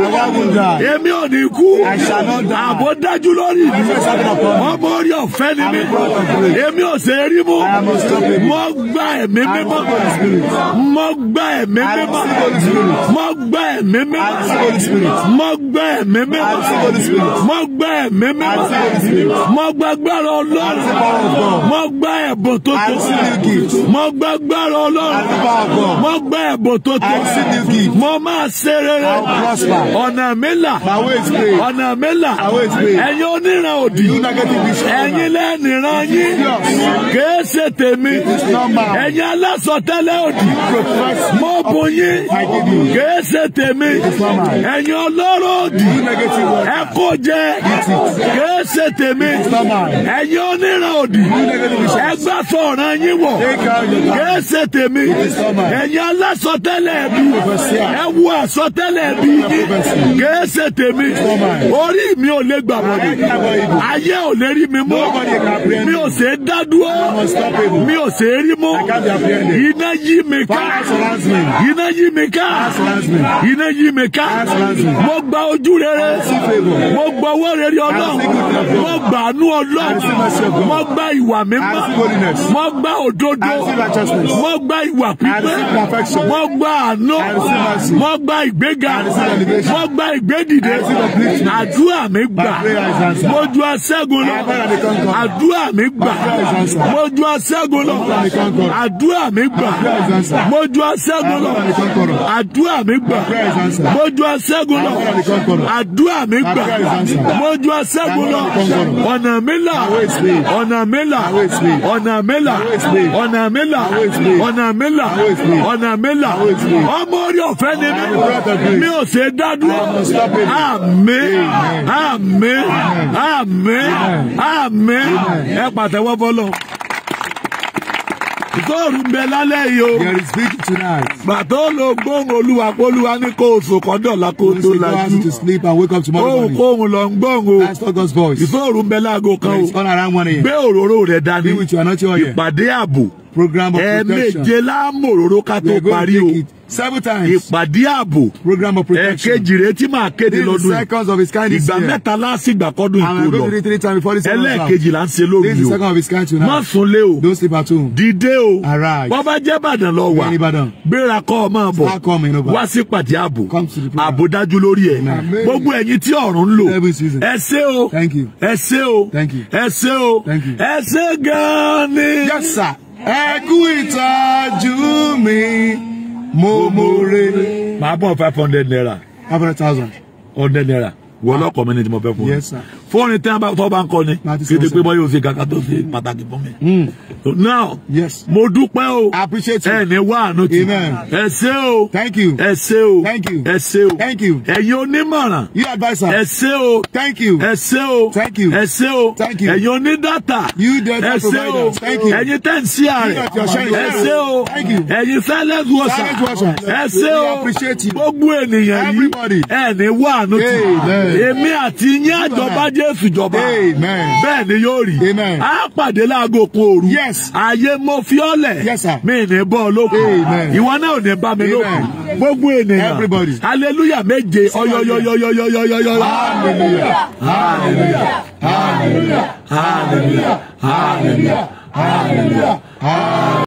èmi ò ní kú àbò dájú lórí mi ọmọ orí ọ̀fẹ́ ni mi èmi ò ṣe é rí mú mo gba ẹ̀mí mímọ́ mo gba ẹ̀mí mímọ́ mo gbẹ mímí mo gbẹ mímí mo gbẹ mímí mo gbẹ gbẹrẹ Ọlọ́run mo gbẹ ẹ̀bùn tuntun mo gbẹ gbẹrẹ Ọlọ́run mo gbẹ ẹ̀bùn tuntun mo máa ṣe rere ọ̀nà mi là ọ̀nà mi là ẹ̀yin oníran òdì ẹ̀yin lẹ́nìran yín kìí ṣe tèmi ẹ̀yin alásọtẹ́lẹ̀ òdì mo bùn yín kéésè tèmi ẹ̀yin ọlọ́rọ̀ òdì ẹ kó jẹ kéésè tèmi ẹ̀yin onírà òdì ẹ gbà sọ̀rọ̀ yín wọ̀ kéésè tèmi ẹ̀yin alásọtẹ́lẹ̀ ẹbí ẹ wo àsọtẹ́lẹ̀ ẹbí yín kéésè tèmi orí mi ò lè gbà wọlé ayé ò lè rí mi mọ́ mi ò ṣe é dá dúró mi ò ṣe é rí mọ́ iná yí mi ká iná yí yí mi ká iná yí mi ká mo gba ojú rere mo gba ọwọ́ rere ọlọ́run mo gba àánú ọlọ́run mo gba ìwà mímọ́ mo gba òdodo mo gba ìwà pípé mo gba àánú mo gba ìgbéga mo gba ìgbédìde àdúrà mi gbà mo ju aṣẹ́gun lọ àdúrà mi gbà mo ju aṣẹ́gun lọ àdúrà mi gbà mo ju aṣẹ́gun lọ àdúrà mi gbà mójú aṣẹ́gun lọ àdúrà mi gbà mójú aṣẹ́gun lọ ọ̀nà mi là ọ̀nà mi là ọ̀nà mi là ọ̀nà mi là ọ̀nà mi là ọ̀nà mi là ọmọ orí ọ̀fẹ́ ni mi mi ò ṣe dá dúró àmín àmín àmín ẹ pàtẹ́wọ́ fọlọ́. Ìgbóòrù ń bẹ lálẹ́ yìí o. There is big tonight. Gbàtọ́ ló gbóhùn olúwa polúwa ní kó o sùn kọ́jọ́ lákó tó lajú. You need to sleep and wake up tomorrow morning. Ohun kóhun lọ ń gbóhùn o. That's not God's voice. Ìgbóòrù ń bẹ láago kan o. It's all around one a.m. Gbé òróró rẹ̀ dání. Be with your anointing oil. Ìpàdé ààbò program of protection. ẹ̀ẹ̀méje láàmòróró ká tó parí o seven times. ìpàdé ààbò. program of protection. ẹ̀ẹ̀kejì rẹ̀ tí màá kéde lọ́dún yìí. this is seconds of his kind this year. ìgbà mẹ́ta láàsì ìgbà kọ́dún ìkó lọ. i go three three times before this one. ẹlẹ́ẹ̀kejì là ń ṣe lórí o. this is second of his kind tonight. má sùn lé o. don't sleep at home. dìde o. arise. bọ́bá jẹ́ Ìbàdàn lọ wà. Ìbàdàn. gbéra kọ́ thank you. ẹ thank you. ẹ thank you. ẹ ṣé yes sir ẹ kú ìtọ́jú mi mo mọ̀ọ́rẹ́. màá bọ̀ five hundred naira. five hundred thousand. hundred naira. wọ́n lọ́kọ̀ mi ni mo fẹ́ fún mi. yes sir fóònù tí wọ́n bá ń kọ ni kété pé bọ́yọ̀ òfin kàkà tó ṣe pàtàkì fún mi. Hmm. now yes. mo dúpẹ́ o ẹ ní wá àánú ti ẹ ṣé o ẹ ṣé o ẹ ṣé o ẹ̀yin onímọ̀ràn ẹ ṣé o ẹ ṣé o ẹ ṣé o ẹ̀yin onídàtà ẹ ṣé o ẹ̀yin tẹ̀sí ààrẹ ẹ ṣé o ẹ̀yin silent watcher ẹ ṣé o gbogbo ènìyàn yìí ẹ ní wá àánú ti èmi àti yín àjọbájẹ́. Jésù jọba. Bẹ́ẹ̀ ni yóò rí. A pàdé láago kan òru. Ayé mo fi ọ́ lẹ̀. Mi ní bọ́ lókun. Ìwọ náà ò ní bá mi lókun. Gbogbo ènìyàn. Hallelujah méje ọyọyọyọyọyọyọyọ. Hallelujah. Hallelujah. Hallelujah. Hallelujah. Hallelujah. Hallelujah.